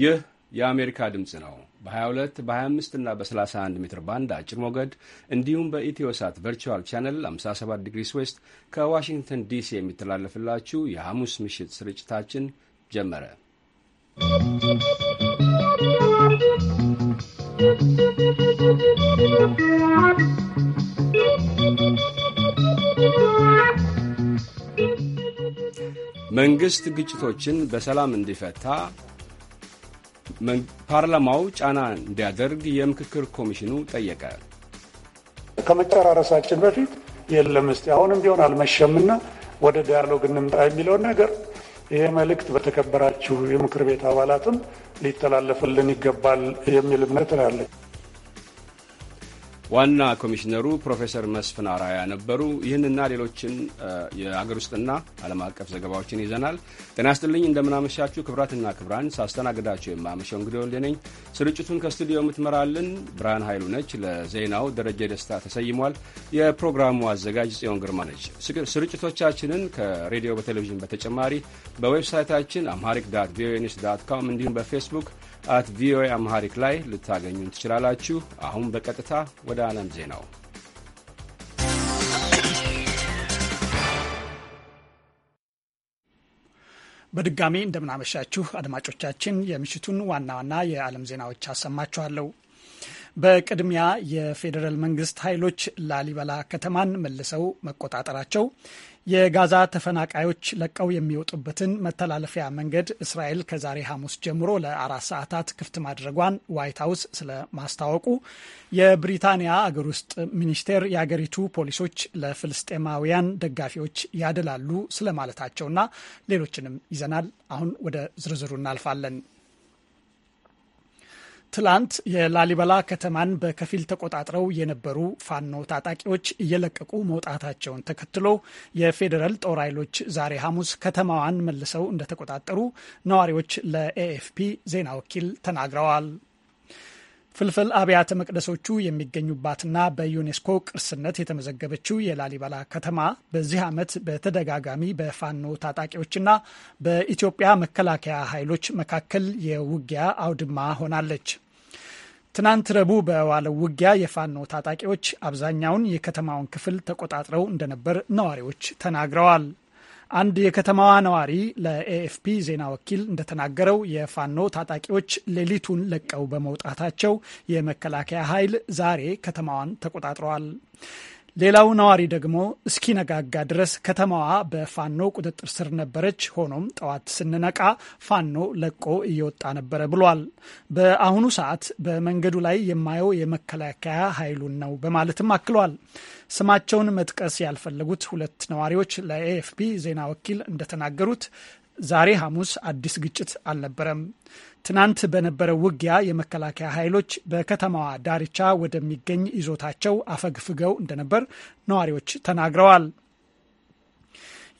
ይህ የአሜሪካ ድምፅ ነው። በ22 በ25 እና በ31 ሜትር ባንድ አጭር ሞገድ እንዲሁም በኢትዮሳት ቨርቹዋል ቻነል 57 ዲግሪ ስዌስት ከዋሽንግተን ዲሲ የሚተላለፍላችሁ የሐሙስ ምሽት ስርጭታችን ጀመረ። መንግሥት ግጭቶችን በሰላም እንዲፈታ ፓርላማው ጫና እንዲያደርግ የምክክር ኮሚሽኑ ጠየቀ። ከመጨራረሳችን በፊት የለም እስቲ አሁንም ቢሆን አልመሸምና ወደ ዲያሎግ እንምጣ የሚለውን ነገር ይሄ መልእክት በተከበራችሁ የምክር ቤት አባላትም ሊተላለፍልን ይገባል የሚል እምነት ነው ያለኝ። ዋና ኮሚሽነሩ ፕሮፌሰር መስፍን አራያ ነበሩ። ይህንና ሌሎችን የአገር ውስጥና ዓለም አቀፍ ዘገባዎችን ይዘናል። ጤና ስጥልኝ፣ እንደምናመሻችሁ ክብራትና ክብራን ሳስተናግዳቸው የማመሸው እንግዲህ ወልዴ ነኝ። ስርጭቱን ከስቱዲዮ የምትመራልን ብርሃን ኃይሉ ነች። ለዜናው ደረጀ ደስታ ተሰይሟል። የፕሮግራሙ አዘጋጅ ጽዮን ግርማ ነች። ስርጭቶቻችንን ከሬዲዮ በቴሌቪዥን በተጨማሪ በዌብሳይታችን አምሃሪክ ዳት ቪኦኤ ኒውስ ዳት ካም እንዲሁም በፌስቡክ አት ቪኦኤ አምሃሪክ ላይ ልታገኙን ትችላላችሁ። አሁን በቀጥታ ወደ ዓለም ዜናው በድጋሚ እንደምናመሻችሁ አድማጮቻችን፣ የምሽቱን ዋና ዋና የዓለም ዜናዎች አሰማችኋለሁ። በቅድሚያ የፌዴራል መንግስት ኃይሎች ላሊበላ ከተማን መልሰው መቆጣጠራቸው፣ የጋዛ ተፈናቃዮች ለቀው የሚወጡበትን መተላለፊያ መንገድ እስራኤል ከዛሬ ሐሙስ ጀምሮ ለአራት ሰዓታት ክፍት ማድረጓን ዋይት ሀውስ ስለማስታወቁ፣ የብሪታንያ አገር ውስጥ ሚኒስቴር የአገሪቱ ፖሊሶች ለፍልስጤማውያን ደጋፊዎች ያደላሉ ስለማለታቸውና ሌሎችንም ይዘናል። አሁን ወደ ዝርዝሩ እናልፋለን። ትላንት የላሊበላ ከተማን በከፊል ተቆጣጥረው የነበሩ ፋኖ ታጣቂዎች እየለቀቁ መውጣታቸውን ተከትሎ የፌዴራል ጦር ኃይሎች ዛሬ ሐሙስ ከተማዋን መልሰው እንደተቆጣጠሩ ነዋሪዎች ለኤኤፍፒ ዜና ወኪል ተናግረዋል። ፍልፍል አብያተ መቅደሶቹ የሚገኙባትና በዩኔስኮ ቅርስነት የተመዘገበችው የላሊበላ ከተማ በዚህ ዓመት በተደጋጋሚ በፋኖ ታጣቂዎችና በኢትዮጵያ መከላከያ ኃይሎች መካከል የውጊያ አውድማ ሆናለች። ትናንት ረቡዕ በዋለው ውጊያ የፋኖ ታጣቂዎች አብዛኛውን የከተማውን ክፍል ተቆጣጥረው እንደነበር ነዋሪዎች ተናግረዋል። አንድ የከተማዋ ነዋሪ ለኤኤፍፒ ዜና ወኪል እንደተናገረው የፋኖ ታጣቂዎች ሌሊቱን ለቀው በመውጣታቸው የመከላከያ ኃይል ዛሬ ከተማዋን ተቆጣጥረዋል። ሌላው ነዋሪ ደግሞ እስኪነጋጋ ድረስ ከተማዋ በፋኖ ቁጥጥር ስር ነበረች። ሆኖም ጠዋት ስንነቃ ፋኖ ለቆ እየወጣ ነበረ ብሏል። በአሁኑ ሰዓት በመንገዱ ላይ የማየው የመከላከያ ኃይሉን ነው በማለትም አክሏል። ስማቸውን መጥቀስ ያልፈለጉት ሁለት ነዋሪዎች ለኤኤፍፒ ዜና ወኪል እንደተናገሩት ዛሬ ሐሙስ አዲስ ግጭት አልነበረም። ትናንት በነበረው ውጊያ የመከላከያ ኃይሎች በከተማዋ ዳርቻ ወደሚገኝ ይዞታቸው አፈግፍገው እንደነበር ነዋሪዎች ተናግረዋል።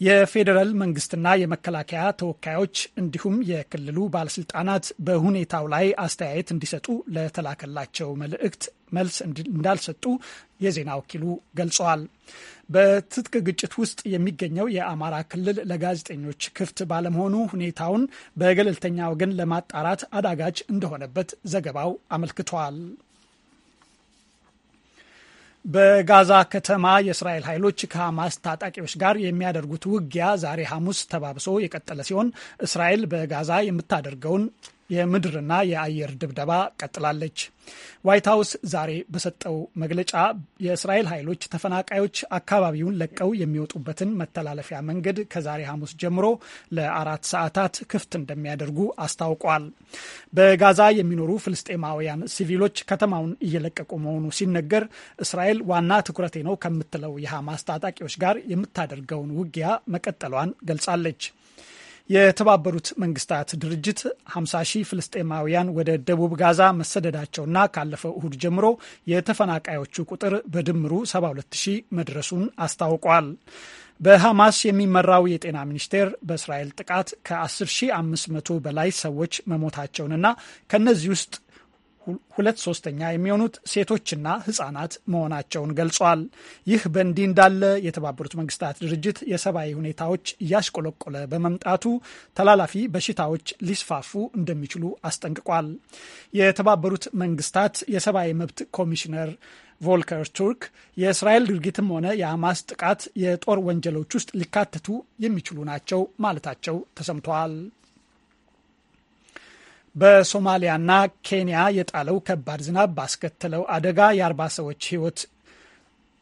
የፌዴራል መንግስትና የመከላከያ ተወካዮች እንዲሁም የክልሉ ባለስልጣናት በሁኔታው ላይ አስተያየት እንዲሰጡ ለተላከላቸው መልእክት መልስ እንዳልሰጡ የዜና ወኪሉ ገልጸዋል። በትጥቅ ግጭት ውስጥ የሚገኘው የአማራ ክልል ለጋዜጠኞች ክፍት ባለመሆኑ ሁኔታውን በገለልተኛ ወገን ለማጣራት አዳጋች እንደሆነበት ዘገባው አመልክቷል። በጋዛ ከተማ የእስራኤል ኃይሎች ከሐማስ ታጣቂዎች ጋር የሚያደርጉት ውጊያ ዛሬ ሐሙስ ተባብሶ የቀጠለ ሲሆን እስራኤል በጋዛ የምታደርገውን የምድርና የአየር ድብደባ ቀጥላለች። ዋይት ሀውስ ዛሬ በሰጠው መግለጫ የእስራኤል ኃይሎች ተፈናቃዮች አካባቢውን ለቀው የሚወጡበትን መተላለፊያ መንገድ ከዛሬ ሐሙስ ጀምሮ ለአራት ሰዓታት ክፍት እንደሚያደርጉ አስታውቋል። በጋዛ የሚኖሩ ፍልስጤማውያን ሲቪሎች ከተማውን እየለቀቁ መሆኑ ሲነገር እስራኤል ዋና ትኩረቴ ነው ከምትለው የሐማስ ታጣቂዎች ጋር የምታደርገውን ውጊያ መቀጠሏን ገልጻለች። የተባበሩት መንግስታት ድርጅት 50 ሺህ ፍልስጤማውያን ወደ ደቡብ ጋዛ መሰደዳቸውና ካለፈው እሁድ ጀምሮ የተፈናቃዮቹ ቁጥር በድምሩ 72 ሺህ መድረሱን አስታውቋል። በሐማስ የሚመራው የጤና ሚኒስቴር በእስራኤል ጥቃት ከ10500 በላይ ሰዎች መሞታቸውንና ከእነዚህ ውስጥ ሁለት ሶስተኛ የሚሆኑት ሴቶችና ህጻናት መሆናቸውን ገልጿል። ይህ በእንዲህ እንዳለ የተባበሩት መንግስታት ድርጅት የሰብአዊ ሁኔታዎች እያሽቆለቆለ በመምጣቱ ተላላፊ በሽታዎች ሊስፋፉ እንደሚችሉ አስጠንቅቋል። የተባበሩት መንግስታት የሰብአዊ መብት ኮሚሽነር ቮልከር ቱርክ የእስራኤል ድርጊትም ሆነ የሐማስ ጥቃት የጦር ወንጀሎች ውስጥ ሊካተቱ የሚችሉ ናቸው ማለታቸው ተሰምተዋል። በሶማሊያና ኬንያ የጣለው ከባድ ዝናብ ባስከተለው አደጋ የአርባ ሰዎች ህይወት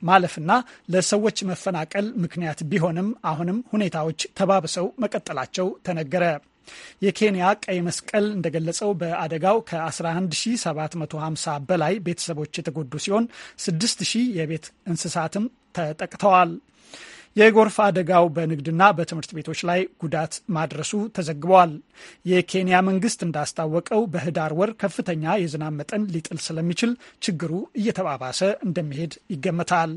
ማለፍና ለሰዎች መፈናቀል ምክንያት ቢሆንም አሁንም ሁኔታዎች ተባብሰው መቀጠላቸው ተነገረ። የኬንያ ቀይ መስቀል እንደገለጸው በአደጋው ከ11750 በላይ ቤተሰቦች የተጎዱ ሲሆን 6000 የቤት እንስሳትም ተጠቅተዋል። የጎርፍ አደጋው በንግድና በትምህርት ቤቶች ላይ ጉዳት ማድረሱ ተዘግበዋል። የኬንያ መንግስት እንዳስታወቀው በህዳር ወር ከፍተኛ የዝናብ መጠን ሊጥል ስለሚችል ችግሩ እየተባባሰ እንደሚሄድ ይገመታል።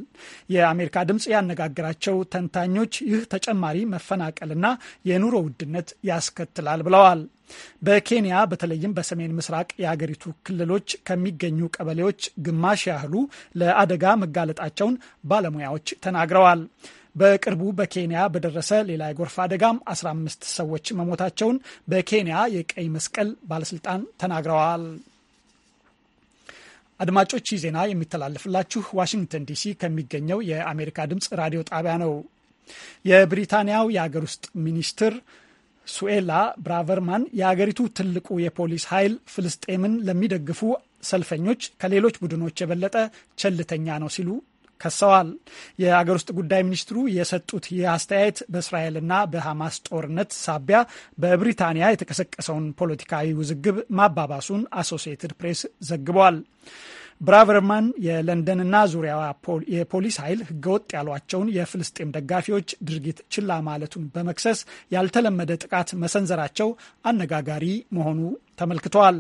የአሜሪካ ድምፅ ያነጋገራቸው ተንታኞች ይህ ተጨማሪ መፈናቀልና የኑሮ ውድነት ያስከትላል ብለዋል። በኬንያ በተለይም በሰሜን ምስራቅ የአገሪቱ ክልሎች ከሚገኙ ቀበሌዎች ግማሽ ያህሉ ለአደጋ መጋለጣቸውን ባለሙያዎች ተናግረዋል። በቅርቡ በኬንያ በደረሰ ሌላ የጎርፍ አደጋም 15 ሰዎች መሞታቸውን በኬንያ የቀይ መስቀል ባለስልጣን ተናግረዋል። አድማጮች ይህ ዜና የሚተላለፍላችሁ ዋሽንግተን ዲሲ ከሚገኘው የአሜሪካ ድምፅ ራዲዮ ጣቢያ ነው። የብሪታንያው የአገር ውስጥ ሚኒስትር ሱኤላ ብራቨርማን የአገሪቱ ትልቁ የፖሊስ ኃይል ፍልስጤምን ለሚደግፉ ሰልፈኞች ከሌሎች ቡድኖች የበለጠ ቸልተኛ ነው ሲሉ ከሰዋል። የአገር ውስጥ ጉዳይ ሚኒስትሩ የሰጡት ይህ አስተያየት በእስራኤልና በሐማስ ጦርነት ሳቢያ በብሪታንያ የተቀሰቀሰውን ፖለቲካዊ ውዝግብ ማባባሱን አሶሲየትድ ፕሬስ ዘግቧል። ብራቨርማን የለንደንና ዙሪያዋ የፖሊስ ኃይል ህገወጥ ያሏቸውን የፍልስጤም ደጋፊዎች ድርጊት ችላ ማለቱን በመክሰስ ያልተለመደ ጥቃት መሰንዘራቸው አነጋጋሪ መሆኑ ተመልክተዋል።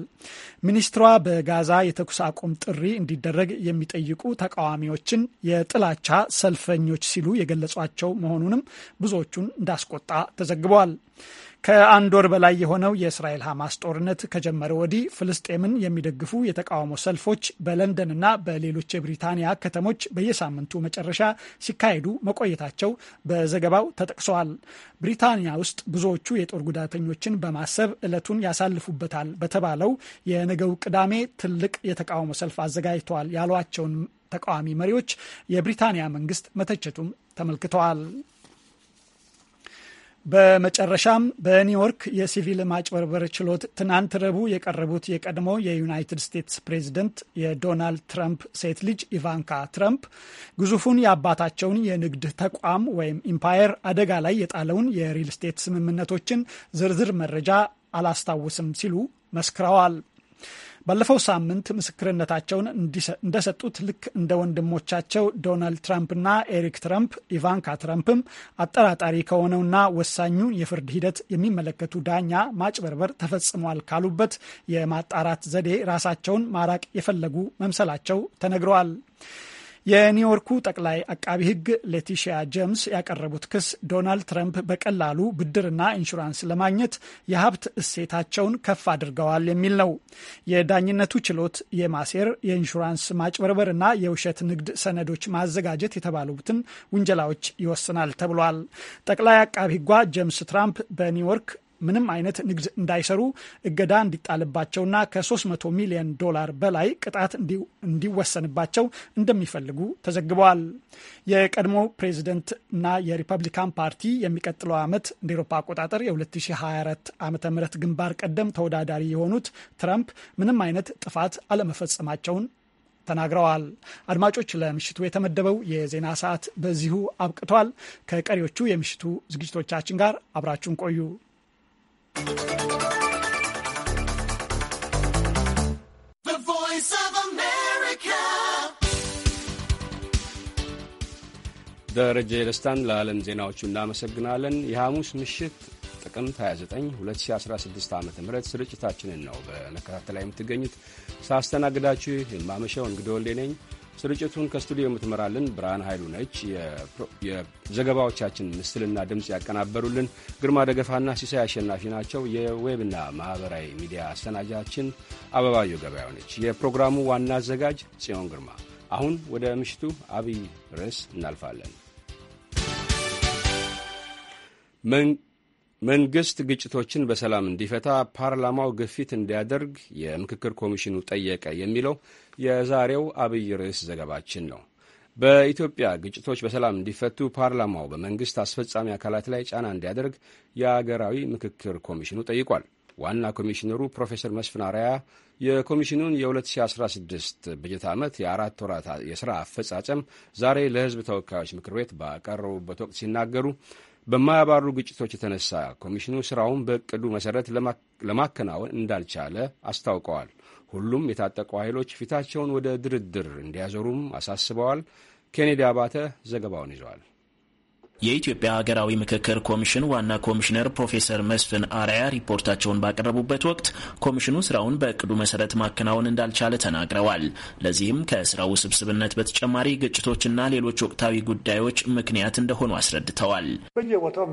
ሚኒስትሯ በጋዛ የተኩስ አቁም ጥሪ እንዲደረግ የሚጠይቁ ተቃዋሚዎችን የጥላቻ ሰልፈኞች ሲሉ የገለጿቸው መሆኑንም ብዙዎቹን እንዳስቆጣ ተዘግበዋል። ከአንድ ወር በላይ የሆነው የእስራኤል ሐማስ ጦርነት ከጀመረ ወዲህ ፍልስጤምን የሚደግፉ የተቃውሞ ሰልፎች በለንደንና በሌሎች የብሪታንያ ከተሞች በየሳምንቱ መጨረሻ ሲካሄዱ መቆየታቸው በዘገባው ተጠቅሰዋል። ብሪታንያ ውስጥ ብዙዎቹ የጦር ጉዳተኞችን በማሰብ ዕለቱን ያሳልፉበታል በተባለው የነገው ቅዳሜ ትልቅ የተቃውሞ ሰልፍ አዘጋጅተዋል ያሏቸውን ተቃዋሚ መሪዎች የብሪታንያ መንግስት መተቸቱም ተመልክተዋል። በመጨረሻም በኒውዮርክ የሲቪል ማጭበርበር ችሎት ትናንት ረቡዕ የቀረቡት የቀድሞ የዩናይትድ ስቴትስ ፕሬዚደንት የዶናልድ ትራምፕ ሴት ልጅ ኢቫንካ ትራምፕ ግዙፉን የአባታቸውን የንግድ ተቋም ወይም ኢምፓየር አደጋ ላይ የጣለውን የሪል ስቴት ስምምነቶችን ዝርዝር መረጃ አላስታውስም ሲሉ መስክረዋል። ባለፈው ሳምንት ምስክርነታቸውን እንደሰጡት ልክ እንደ ወንድሞቻቸው ዶናልድ ትራምፕና ኤሪክ ትራምፕ ኢቫንካ ትራምፕም አጠራጣሪ ከሆነውና ወሳኙን የፍርድ ሂደት የሚመለከቱ ዳኛ ማጭበርበር ተፈጽሟል ካሉበት የማጣራት ዘዴ ራሳቸውን ማራቅ የፈለጉ መምሰላቸው ተነግረዋል። የኒውዮርኩ ጠቅላይ አቃቢ ሕግ ሌቲሺያ ጀምስ ያቀረቡት ክስ ዶናልድ ትራምፕ በቀላሉ ብድርና ኢንሹራንስ ለማግኘት የሀብት እሴታቸውን ከፍ አድርገዋል የሚል ነው። የዳኝነቱ ችሎት የማሴር የኢንሹራንስ ማጭበርበር እና የውሸት ንግድ ሰነዶች ማዘጋጀት የተባሉትን ውንጀላዎች ይወስናል ተብሏል። ጠቅላይ አቃቢ ሕጓ ጀምስ ትራምፕ በኒውዮርክ ምንም አይነት ንግድ እንዳይሰሩ እገዳ እንዲጣልባቸውና ከ300 ሚሊዮን ዶላር በላይ ቅጣት እንዲወሰንባቸው እንደሚፈልጉ ተዘግበዋል። የቀድሞ ፕሬዚደንት የሪፐብሊካን ፓርቲ የሚቀጥለው ዓመት እንደ ኤሮፓ አቆጣጠር የ2024 ዓ ም ግንባር ቀደም ተወዳዳሪ የሆኑት ትራምፕ ምንም አይነት ጥፋት አለመፈጸማቸውን ተናግረዋል። አድማጮች፣ ለምሽቱ የተመደበው የዜና ሰዓት በዚሁ አብቅቷል። ከቀሪዎቹ የምሽቱ ዝግጅቶቻችን ጋር አብራችሁን ቆዩ። ደረጀ ደስታን ለዓለም ዜናዎቹ እናመሰግናለን። የሐሙስ ምሽት ጥቅምት 29 2016 ዓ ም ስርጭታችንን ነው በመከታተል ላይ የምትገኙት። ሳስተናግዳችሁ የማመሻው እንግዶ ወልዴ ነኝ። ስርጭቱን ከስቱዲዮ የምትመራልን ብርሃን ኃይሉ ነች። የዘገባዎቻችን ምስልና ድምፅ ያቀናበሩልን ግርማ ደገፋና ሲሳይ አሸናፊ ናቸው። የዌብና ማኅበራዊ ሚዲያ አሰናጃችን አበባዮ ገበያው ነች። የፕሮግራሙ ዋና አዘጋጅ ጽዮን ግርማ። አሁን ወደ ምሽቱ አብይ ርዕስ እናልፋለን። መንግሥት ግጭቶችን በሰላም እንዲፈታ ፓርላማው ግፊት እንዲያደርግ የምክክር ኮሚሽኑ ጠየቀ የሚለው የዛሬው አብይ ርዕስ ዘገባችን ነው። በኢትዮጵያ ግጭቶች በሰላም እንዲፈቱ ፓርላማው በመንግሥት አስፈጻሚ አካላት ላይ ጫና እንዲያደርግ የአገራዊ ምክክር ኮሚሽኑ ጠይቋል። ዋና ኮሚሽነሩ ፕሮፌሰር መስፍን አርአያ የኮሚሽኑን የ2016 በጀት ዓመት የአራት ወራት የሥራ አፈጻጸም ዛሬ ለሕዝብ ተወካዮች ምክር ቤት ባቀረቡበት ወቅት ሲናገሩ በማያባሩ ግጭቶች የተነሳ ኮሚሽኑ ስራውን በእቅዱ መሠረት ለማከናወን እንዳልቻለ አስታውቀዋል። ሁሉም የታጠቁ ኃይሎች ፊታቸውን ወደ ድርድር እንዲያዞሩም አሳስበዋል። ኬኔዲ አባተ ዘገባውን ይዘዋል። የኢትዮጵያ ሀገራዊ ምክክር ኮሚሽን ዋና ኮሚሽነር ፕሮፌሰር መስፍን አርያ ሪፖርታቸውን ባቀረቡበት ወቅት ኮሚሽኑ ስራውን በእቅዱ መሰረት ማከናወን እንዳልቻለ ተናግረዋል። ለዚህም ከስራው ውስብስብነት በተጨማሪ ግጭቶችና ሌሎች ወቅታዊ ጉዳዮች ምክንያት እንደሆኑ አስረድተዋል። በየቦታው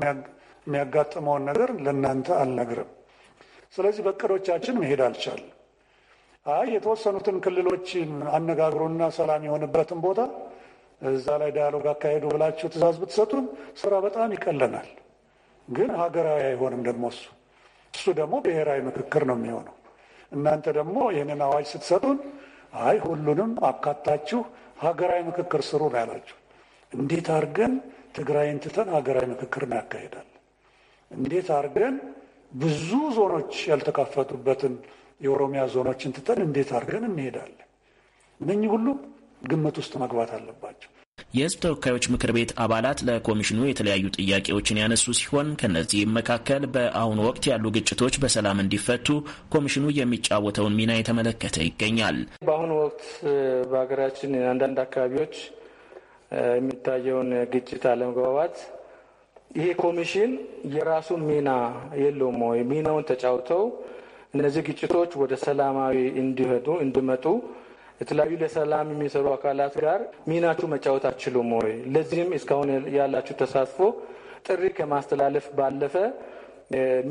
የሚያጋጥመውን ነገር ለእናንተ አልነግርም። ስለዚህ በእቅዶቻችን መሄድ አልቻለም። አይ የተወሰኑትን ክልሎችን አነጋግሮና ሰላም የሆነበትን ቦታ እዛ ላይ ዳያሎግ አካሄዱ ብላችሁ ትእዛዝ ብትሰጡን ስራ በጣም ይቀለናል። ግን ሀገራዊ አይሆንም ደግሞ እሱ እሱ ደግሞ ብሔራዊ ምክክር ነው የሚሆነው። እናንተ ደግሞ ይህንን አዋጅ ስትሰጡን አይ ሁሉንም አካታችሁ ሀገራዊ ምክክር ስሩ ነው ያላችሁ። እንዴት አድርገን ትግራይን ትተን ሀገራዊ ምክክር እናካሄዳል? እንዴት አድርገን ብዙ ዞኖች ያልተካፈቱበትን የኦሮሚያ ዞኖችን ትተን እንዴት አድርገን እንሄዳለን? እነኚህ ሁሉም ግምት ውስጥ መግባት አለባቸው። የህዝብ ተወካዮች ምክር ቤት አባላት ለኮሚሽኑ የተለያዩ ጥያቄዎችን ያነሱ ሲሆን ከእነዚህም መካከል በአሁኑ ወቅት ያሉ ግጭቶች በሰላም እንዲፈቱ ኮሚሽኑ የሚጫወተውን ሚና የተመለከተ ይገኛል። በአሁኑ ወቅት በሀገራችን አንዳንድ አካባቢዎች የሚታየውን ግጭት አለመግባባት ይሄ ኮሚሽን የራሱን ሚና የለውም ወይ? ሚናውን ተጫውተው እነዚህ ግጭቶች ወደ ሰላማዊ እንዲሄዱ እንዲመጡ የተለያዩ ለሰላም የሚሰሩ አካላት ጋር ሚናችሁ መጫወት አችሉም ወይ? ለዚህም እስካሁን ያላችሁ ተሳትፎ ጥሪ ከማስተላለፍ ባለፈ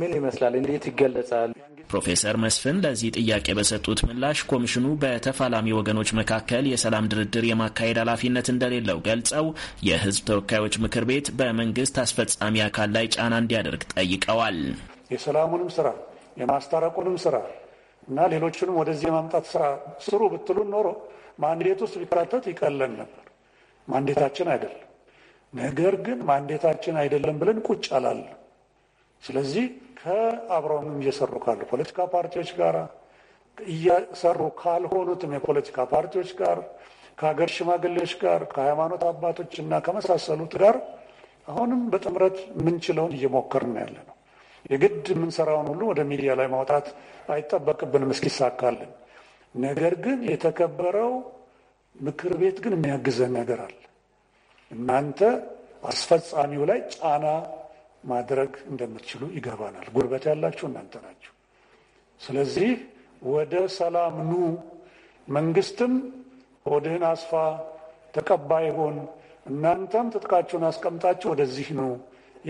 ምን ይመስላል? እንዴት ይገለጻል? ፕሮፌሰር መስፍን ለዚህ ጥያቄ በሰጡት ምላሽ ኮሚሽኑ በተፋላሚ ወገኖች መካከል የሰላም ድርድር የማካሄድ ኃላፊነት እንደሌለው ገልጸው የሕዝብ ተወካዮች ምክር ቤት በመንግስት አስፈጻሚ አካል ላይ ጫና እንዲያደርግ ጠይቀዋል። የሰላሙንም ስራ የማስታረቁንም ስራ እና ሌሎችንም ወደዚህ የማምጣት ስራ ስሩ ብትሉን ኖሮ ማንዴት ውስጥ ቢካተት ይቀለን ነበር። ማንዴታችን አይደለም። ነገር ግን ማንዴታችን አይደለም ብለን ቁጭ አላለ። ስለዚህ ከአብረውንም እየሰሩ ካሉ ፖለቲካ ፓርቲዎች ጋር እየሰሩ ካልሆኑትም የፖለቲካ ፓርቲዎች ጋር ከሀገር ሽማግሌዎች ጋር ከሃይማኖት አባቶች እና ከመሳሰሉት ጋር አሁንም በጥምረት ምንችለውን እየሞከርን ያለ ነው። የግድ የምንሰራውን ሁሉ ወደ ሚዲያ ላይ ማውጣት አይጠበቅብንም እስኪሳካልን። ነገር ግን የተከበረው ምክር ቤት ግን የሚያግዘን ነገር አለ። እናንተ አስፈጻሚው ላይ ጫና ማድረግ እንደምትችሉ ይገባናል። ጉልበት ያላችሁ እናንተ ናችሁ። ስለዚህ ወደ ሰላም ኑ። መንግስትም ሆድህን አስፋ ተቀባይ ሆን፣ እናንተም ትጥቃችሁን አስቀምጣችሁ ወደዚህ ነው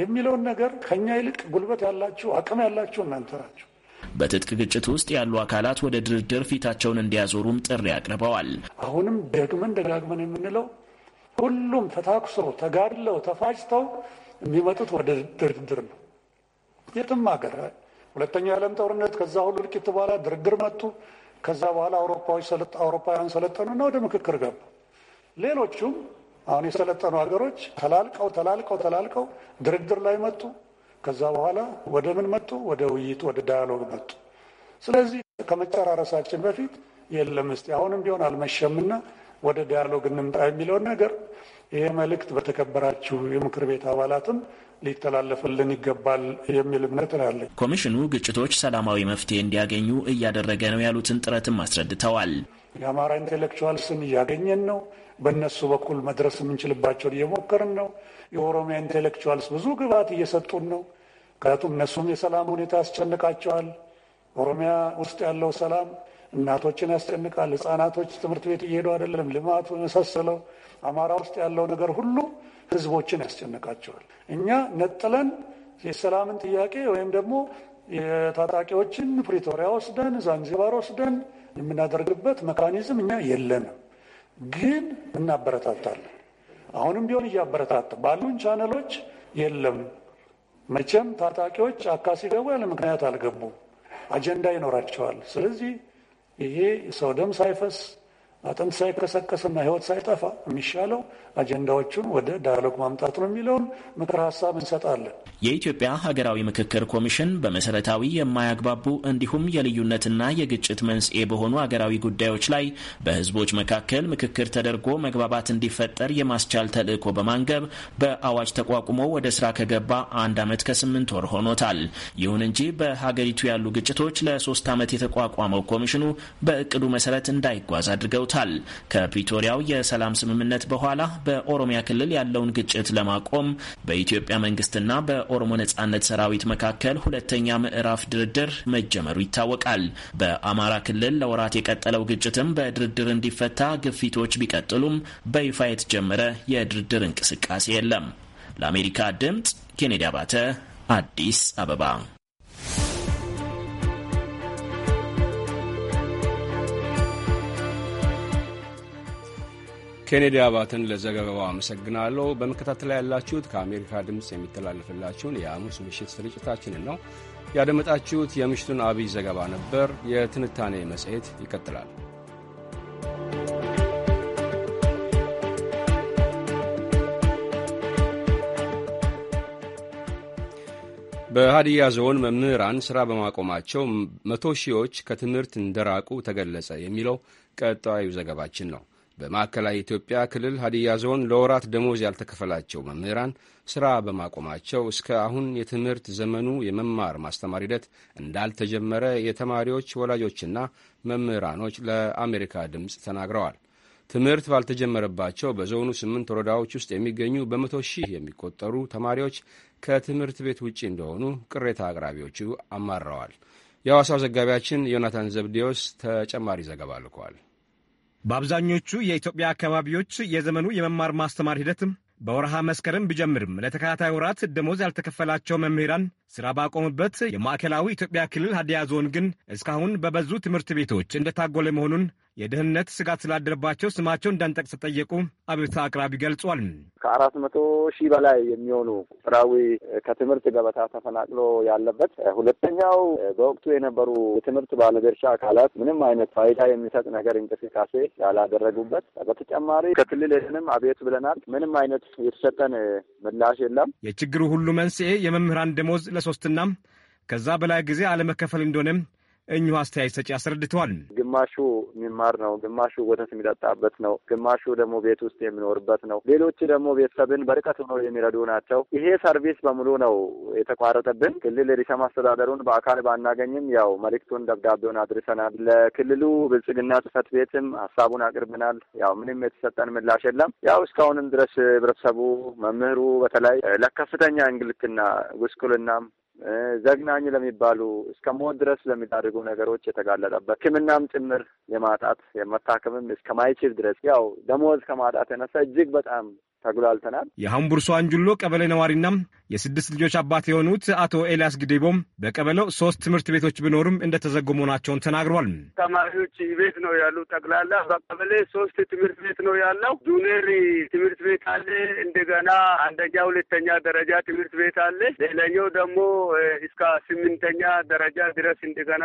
የሚለውን ነገር ከኛ ይልቅ ጉልበት ያላችሁ አቅም ያላችሁ እናንተ ናችሁ። በትጥቅ ግጭት ውስጥ ያሉ አካላት ወደ ድርድር ፊታቸውን እንዲያዞሩም ጥሪ አቅርበዋል። አሁንም ደግመን ደጋግመን የምንለው ሁሉም ተታኩሰው ተጋድለው ተፋጭተው የሚመጡት ወደ ድርድር ነው። የትም ሀገር ሁለተኛው የዓለም ጦርነት ከዛ ሁሉ እልቂት በኋላ ድርድር መጡ። ከዛ በኋላ አውሮፓውያን ሰለጠኑና ወደ ምክክር ገቡ። ሌሎቹም አሁን የሰለጠኑ ሀገሮች ተላልቀው ተላልቀው ተላልቀው ድርድር ላይ መጡ። ከዛ በኋላ ወደ ምን መጡ? ወደ ውይይት ወደ ዳያሎግ መጡ። ስለዚህ ከመጨራረሳችን በፊት የለም እስቲ አሁንም ቢሆን አልመሸምና ወደ ዳያሎግ እንምጣ የሚለውን ነገር ይሄ መልእክት በተከበራችሁ የምክር ቤት አባላትም ሊተላለፍልን ይገባል የሚል እምነት አለኝ። ኮሚሽኑ ግጭቶች ሰላማዊ መፍትሄ እንዲያገኙ እያደረገ ነው ያሉትን ጥረትም አስረድተዋል። የአማራ ስም እያገኘን ነው፣ በእነሱ በኩል መድረስ የምንችልባቸውን እየሞከርን ነው። የኦሮሚያ ኢንቴሌክቹዋልስ ብዙ ግብዓት እየሰጡን ነው። ምክንያቱም እነሱም የሰላም ሁኔታ ያስጨንቃቸዋል። ኦሮሚያ ውስጥ ያለው ሰላም እናቶችን ያስጨንቃል። ህፃናቶች ትምህርት ቤት እየሄዱ አይደለም። ልማቱ የመሳሰለው አማራ ውስጥ ያለው ነገር ሁሉ ህዝቦችን ያስጨንቃቸዋል። እኛ ነጥለን የሰላምን ጥያቄ ወይም ደግሞ የታጣቂዎችን ፕሪቶሪያ ወስደን ዛንዚባር ወስደን የምናደርግበት መካኒዝም እኛ የለንም። ግን እናበረታታለን። አሁንም ቢሆን እያበረታታ ባሉን ቻነሎች የለም መቼም ታጣቂዎች አካ ሲገቡ ያለ ምክንያት አልገቡም። አጀንዳ ይኖራቸዋል። ስለዚህ ይሄ ሰው ደም ሳይፈስ አጥንት ሳይከሰከስና ህይወት ሳይጠፋ የሚሻለው አጀንዳዎቹን ወደ ዳያሎግ ማምጣት ነው የሚለውን ምክር ሀሳብ እንሰጣለን። የኢትዮጵያ ሀገራዊ ምክክር ኮሚሽን በመሰረታዊ የማያግባቡ እንዲሁም የልዩነትና የግጭት መንስኤ በሆኑ ሀገራዊ ጉዳዮች ላይ በህዝቦች መካከል ምክክር ተደርጎ መግባባት እንዲፈጠር የማስቻል ተልዕኮ በማንገብ በአዋጅ ተቋቁሞ ወደ ስራ ከገባ አንድ ዓመት ከስምንት ወር ሆኖታል። ይሁን እንጂ በሀገሪቱ ያሉ ግጭቶች ለሶስት ዓመት የተቋቋመው ኮሚሽኑ በእቅዱ መሰረት እንዳይጓዝ አድርገውታል። ብለውታል። ከፕሪቶሪያው የሰላም ስምምነት በኋላ በኦሮሚያ ክልል ያለውን ግጭት ለማቆም በኢትዮጵያ መንግስትና በኦሮሞ ነጻነት ሰራዊት መካከል ሁለተኛ ምዕራፍ ድርድር መጀመሩ ይታወቃል። በአማራ ክልል ለወራት የቀጠለው ግጭትም በድርድር እንዲፈታ ግፊቶች ቢቀጥሉም በይፋ የተጀመረ የድርድር እንቅስቃሴ የለም። ለአሜሪካ ድምፅ ኬኔዲ አባተ አዲስ አበባ ኬኔዲ አባትን ለዘገባው አመሰግናለሁ። በመከታተል ላይ ያላችሁት ከአሜሪካ ድምፅ የሚተላለፍላችሁን የሐሙስ ምሽት ስርጭታችንን ነው ያደመጣችሁት። የምሽቱን አብይ ዘገባ ነበር። የትንታኔ መጽሔት ይቀጥላል። በሀዲያ ዞን መምህራን ሥራ በማቆማቸው መቶ ሺዎች ከትምህርት እንደራቁ ተገለጸ የሚለው ቀጣዩ ዘገባችን ነው። በማዕከላዊ ኢትዮጵያ ክልል ሀዲያ ዞን ለወራት ደሞዝ ያልተከፈላቸው መምህራን ሥራ በማቆማቸው እስከ አሁን የትምህርት ዘመኑ የመማር ማስተማር ሂደት እንዳልተጀመረ የተማሪዎች ወላጆችና መምህራኖች ለአሜሪካ ድምፅ ተናግረዋል። ትምህርት ባልተጀመረባቸው በዞኑ ስምንት ወረዳዎች ውስጥ የሚገኙ በመቶ ሺህ የሚቆጠሩ ተማሪዎች ከትምህርት ቤት ውጪ እንደሆኑ ቅሬታ አቅራቢዎቹ አማረዋል። የሐዋሳው ዘጋቢያችን ዮናታን ዘብዴዎስ ተጨማሪ ዘገባ ልኳል። በአብዛኞቹ የኢትዮጵያ አካባቢዎች የዘመኑ የመማር ማስተማር ሂደት በወርሃ መስከረም ቢጀምርም ለተከታታይ ወራት ደሞዝ ያልተከፈላቸው መምህራን ስራ ባቆሙበት የማዕከላዊ ኢትዮጵያ ክልል ሀዲያ ዞን ግን እስካሁን በበዙ ትምህርት ቤቶች እንደታጎለ መሆኑን የደህንነት ስጋት ስላደረባቸው ስማቸው እንዳንጠቅስ ጠየቁ አቤቱታ አቅራቢ ገልጿል። ከአራት መቶ ሺህ በላይ የሚሆኑ ቁጥራዊ ከትምህርት ገበታ ተፈናቅሎ ያለበት፣ ሁለተኛው በወቅቱ የነበሩ የትምህርት ባለድርሻ አካላት ምንም አይነት ፋይዳ የሚሰጥ ነገር እንቅስቃሴ ያላደረጉበት፣ በተጨማሪ ከክልል ሄደንም አቤት ብለናል። ምንም አይነት የተሰጠን ምላሽ የለም። የችግሩ ሁሉ መንስኤ የመምህራን ደሞዝ ከሶስትና ከዛ በላይ ጊዜ አለመከፈል እንደሆነም። እኚሁ አስተያየት ሰጪ አስረድተዋል። ግማሹ የሚማር ነው፣ ግማሹ ወተት የሚጠጣበት ነው፣ ግማሹ ደግሞ ቤት ውስጥ የሚኖርበት ነው። ሌሎች ደግሞ ቤተሰብን በርቀት ሆኖ የሚረዱ ናቸው። ይሄ ሰርቪስ በሙሉ ነው የተቋረጠብን። ክልል ርዕሰ አስተዳደሩን በአካል ባናገኝም ያው መልእክቱን ደብዳቤውን አድርሰናል። ለክልሉ ብልጽግና ጽፈት ቤትም ሀሳቡን አቅርብናል። ያው ምንም የተሰጠን ምላሽ የለም። ያው እስካሁንም ድረስ ህብረተሰቡ፣ መምህሩ በተለይ ለከፍተኛ እንግልትና ጉስቁልናም ዘግናኝ ለሚባሉ እስከ ሞት ድረስ ለሚዳርጉ ነገሮች የተጋለጠበት ሕክምናም ጭምር የማጣት የመታከምም እስከማይችል ድረስ ያው ደሞዝ ከማጣት የነሳ እጅግ በጣም ተጉላልተናል። የሀምቡርሶ አንጁሎ ቀበሌ ነዋሪና የስድስት ልጆች አባት የሆኑት አቶ ኤልያስ ግዴቦም በቀበሌው ሶስት ትምህርት ቤቶች ቢኖሩም እንደተዘጉ መሆናቸውን ተናግሯል። ተማሪዎች ቤት ነው ያሉ። ጠቅላላ በቀበሌ ሶስት ትምህርት ቤት ነው ያለው። ጁኒየር ትምህርት ቤት አለ፣ እንደገና አንደኛ ሁለተኛ ደረጃ ትምህርት ቤት አለ። ሌላኛው ደግሞ እስከ ስምንተኛ ደረጃ ድረስ እንደገና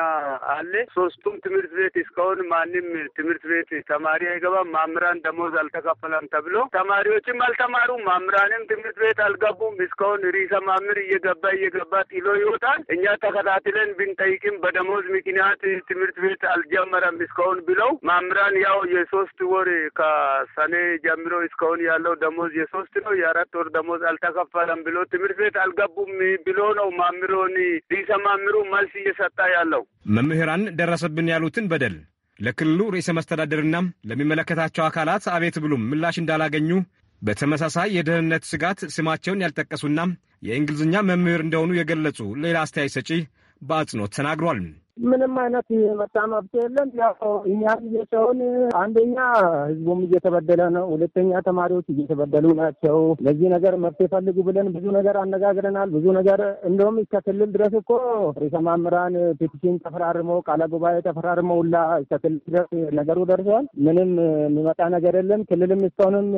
አለ። ሶስቱም ትምህርት ቤት እስካሁን ማንም ትምህርት ቤት ተማሪ አይገባም። ማምራን ደሞዝ አልተከፈለም ተብሎ ተማሪዎችም አልተማሩም። መምህራንም ትምህርት ቤት አልገቡም። እስካሁን ርዕሰ መምህር እየገባ እየገባ ጥሎ ይወጣል። እኛ ተከታትለን ብንጠይቅም በደሞዝ ምክንያት ትምህርት ቤት አልጀመረም እስካሁን ብለው መምህራን ያው የሶስት ወር ከሰኔ ጀምሮ እስካሁን ያለው ደሞዝ የሶስት ነው የአራት ወር ደሞዝ አልተከፈለም ብሎ ትምህርት ቤት አልገቡም ብሎ ነው መምህሮን ርዕሰ መምህሩ መልስ እየሰጣ ያለው። መምህራን ደረሰብን ያሉትን በደል ለክልሉ ርዕሰ መስተዳደርና ለሚመለከታቸው አካላት አቤት ብሉም ምላሽ እንዳላገኙ በተመሳሳይ የደህንነት ስጋት ስማቸውን ያልጠቀሱና የእንግሊዝኛ መምህር እንደሆኑ የገለጹ ሌላ አስተያየት ሰጪ በአጽንኦት ተናግሯል። ምንም አይነት የመጣ መብት የለም። ያው እኛም እየሰውን አንደኛ ህዝቡም እየተበደለ ነው፣ ሁለተኛ ተማሪዎች እየተበደሉ ናቸው። ለዚህ ነገር መፍት ፈልጉ ብለን ብዙ ነገር አነጋግረናል። ብዙ ነገር እንደውም እስከ ክልል ድረስ እኮ ርዕሰ መምህራን ፔቲሽን ተፈራርመው ቃለ ጉባኤ ተፈራርመው ሁላ እስከ ክልል ድረስ ነገሩ ደርሷል። ምንም የሚመጣ ነገር የለም። ክልልም እስካሁንም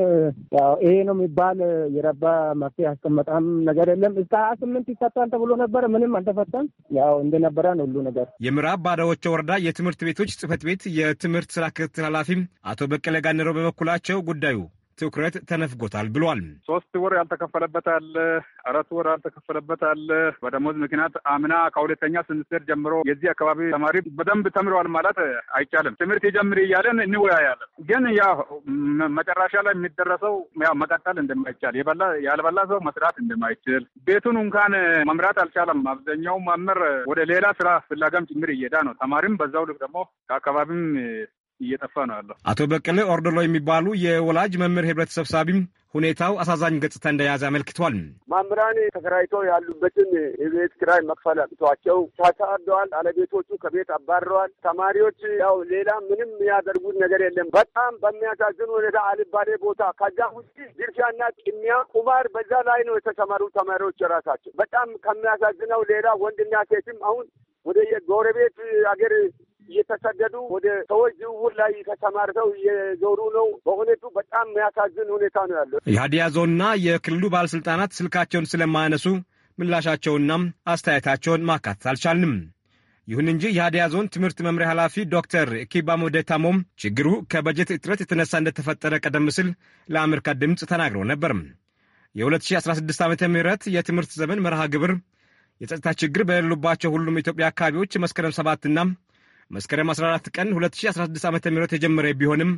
ያው ይሄ ነው የሚባል የረባ መፍትሄ ያስቀመጣም ነገር የለም። እስከ ሀያ ስምንት ይፈታል ተብሎ ነበር። ምንም አልተፈታም። ያው እንደነበረን ሁሉ ነገር የምዕራብ ባዳዎቻ ወረዳ የትምህርት ቤቶች ጽህፈት ቤት የትምህርት ስራ ክትትል ኃላፊም አቶ በቀለ ጋነሮ በበኩላቸው ጉዳዩ ትኩረት ተነፍጎታል ብሏል። ሶስት ወር ያልተከፈለበት አለ፣ አራት ወር ያልተከፈለበት አለ። በደሞዝ ምክንያት አምና ከሁለተኛ ስንስር ጀምሮ የዚህ አካባቢ ተማሪ በደንብ ተምረዋል ማለት አይቻልም። ትምህርት ይጀምር እያለን እንወያያለን። ግን ያ መጨረሻ ላይ የሚደረሰው ያ መቀጠል እንደማይቻል ያልበላ ሰው መስራት እንደማይችል ቤቱን እንኳን መምራት አልቻለም። አብዛኛው መምህር ወደ ሌላ ስራ ፍላጋም ጭምር እየሄዳ ነው። ተማሪም በዛው ልክ ደግሞ ከአካባቢም እየጠፋ ነው ያለው። አቶ በቀለ ኦርዶሎ የሚባሉ የወላጅ መምህር ህብረት ሰብሳቢም ሁኔታው አሳዛኝ ገጽታ እንደያዘ አመልክቷል። መምህራን ተከራይቶ ያሉበትን የቤት ኪራይ መክፈል አቅቷቸው ታሳደዋል። አለቤቶቹ ከቤት አባረዋል። ተማሪዎች ያው ሌላ ምንም የሚያደርጉት ነገር የለም። በጣም በሚያሳዝን ሁኔታ አልባሌ ቦታ፣ ከዛ ውጭ ድርሻና ቅሚያ፣ ቁማር በዛ ላይ ነው የተሰማሩ ተማሪዎች የራሳቸው በጣም ከሚያሳዝነው ሌላ ወንድና ሴትም አሁን ወደ የጎረቤት አገር እየተሰደዱ ወደ ሰዎች ዝውውር ላይ ተሰማርተው እየዞሩ ነው። በሁኔቱ በጣም የሚያሳዝን ሁኔታ ነው ያለው። የሀዲያ ዞንና የክልሉ ባለስልጣናት ስልካቸውን ስለማያነሱ ምላሻቸውና አስተያየታቸውን ማካተት አልቻልንም። ይሁን እንጂ የሀዲያ ዞን ትምህርት መምሪያ ኃላፊ ዶክተር ኪባ ሞዴታሞም ችግሩ ከበጀት እጥረት የተነሳ እንደተፈጠረ ቀደም ሲል ለአሜሪካ ድምፅ ተናግረው ነበር። የ2016 ዓ ም የትምህርት ዘመን መርሃ ግብር የጸጥታ ችግር በሌሉባቸው ሁሉም ኢትዮጵያ አካባቢዎች መስከረም ሰባትና መስከረም 14 ቀን 2016 ዓ ም የጀመረ ቢሆንም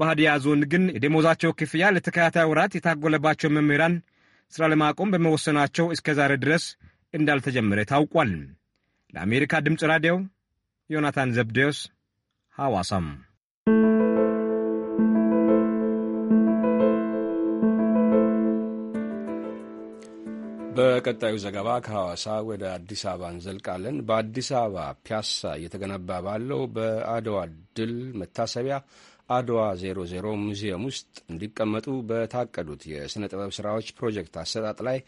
በሃዲያ ዞን ግን የደሞዛቸው ክፍያ ለተከታታይ ወራት የታጎለባቸው መምህራን ሥራ ለማቆም በመወሰናቸው እስከ ዛሬ ድረስ እንዳልተጀመረ ታውቋል። ለአሜሪካ ድምፅ ራዲዮ ዮናታን ዘብዴዎስ ሐዋሳም በቀጣዩ ዘገባ ከሐዋሳ ወደ አዲስ አበባ እንዘልቃለን። በአዲስ አበባ ፒያሳ እየተገነባ ባለው በአድዋ ድል መታሰቢያ አድዋ 00 ሙዚየም ውስጥ እንዲቀመጡ በታቀዱት የሥነ ጥበብ ሥራዎች ፕሮጀክት አሰጣጥ ላይ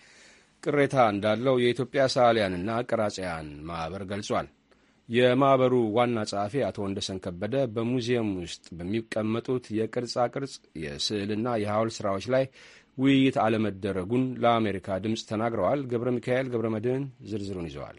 ቅሬታ እንዳለው የኢትዮጵያ ሰዓሊያንና ቀራጺያን ማኅበር ገልጿል። የማኅበሩ ዋና ጸሐፊ አቶ ወንደሰን ከበደ በሙዚየም ውስጥ በሚቀመጡት የቅርጻ ቅርጽ የስዕልና የሐውልት ሥራዎች ላይ ውይይት አለመደረጉን ለአሜሪካ ድምፅ ተናግረዋል። ገብረ ሚካኤል ገብረ መድህን ዝርዝሩን ይዘዋል።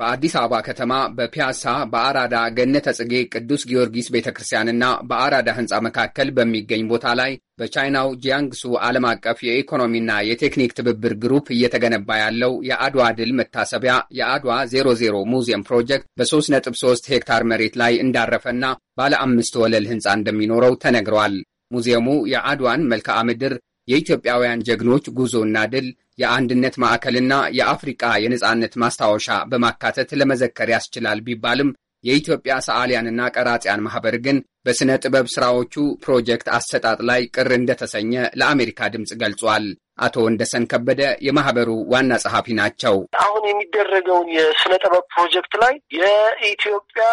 በአዲስ አበባ ከተማ በፒያሳ በአራዳ ገነተ ጽጌ ቅዱስ ጊዮርጊስ ቤተ ክርስቲያንና በአራዳ ሕንፃ መካከል በሚገኝ ቦታ ላይ በቻይናው ጂያንግሱ ዓለም አቀፍ የኢኮኖሚና የቴክኒክ ትብብር ግሩፕ እየተገነባ ያለው የአድዋ ድል መታሰቢያ የአድዋ 00 ሙዚየም ፕሮጀክት በ3.3 ሄክታር መሬት ላይ እንዳረፈና ባለ አምስት ወለል ህንፃ እንደሚኖረው ተነግረዋል። ሙዚየሙ የአድዋን መልክዓ ምድር፣ የኢትዮጵያውያን ጀግኖች ጉዞና ድል፣ የአንድነት ማዕከልና የአፍሪቃ የነፃነት ማስታወሻ በማካተት ለመዘከር ያስችላል ቢባልም የኢትዮጵያ ሰዓሊያንና ቀራጺያን ማኅበር ግን በሥነ ጥበብ ሥራዎቹ ፕሮጀክት አሰጣጥ ላይ ቅር እንደተሰኘ ለአሜሪካ ድምፅ ገልጿል። አቶ ወንደሰን ከበደ የማህበሩ ዋና ጸሐፊ ናቸው። አሁን የሚደረገውን የስነ ጥበብ ፕሮጀክት ላይ የኢትዮጵያ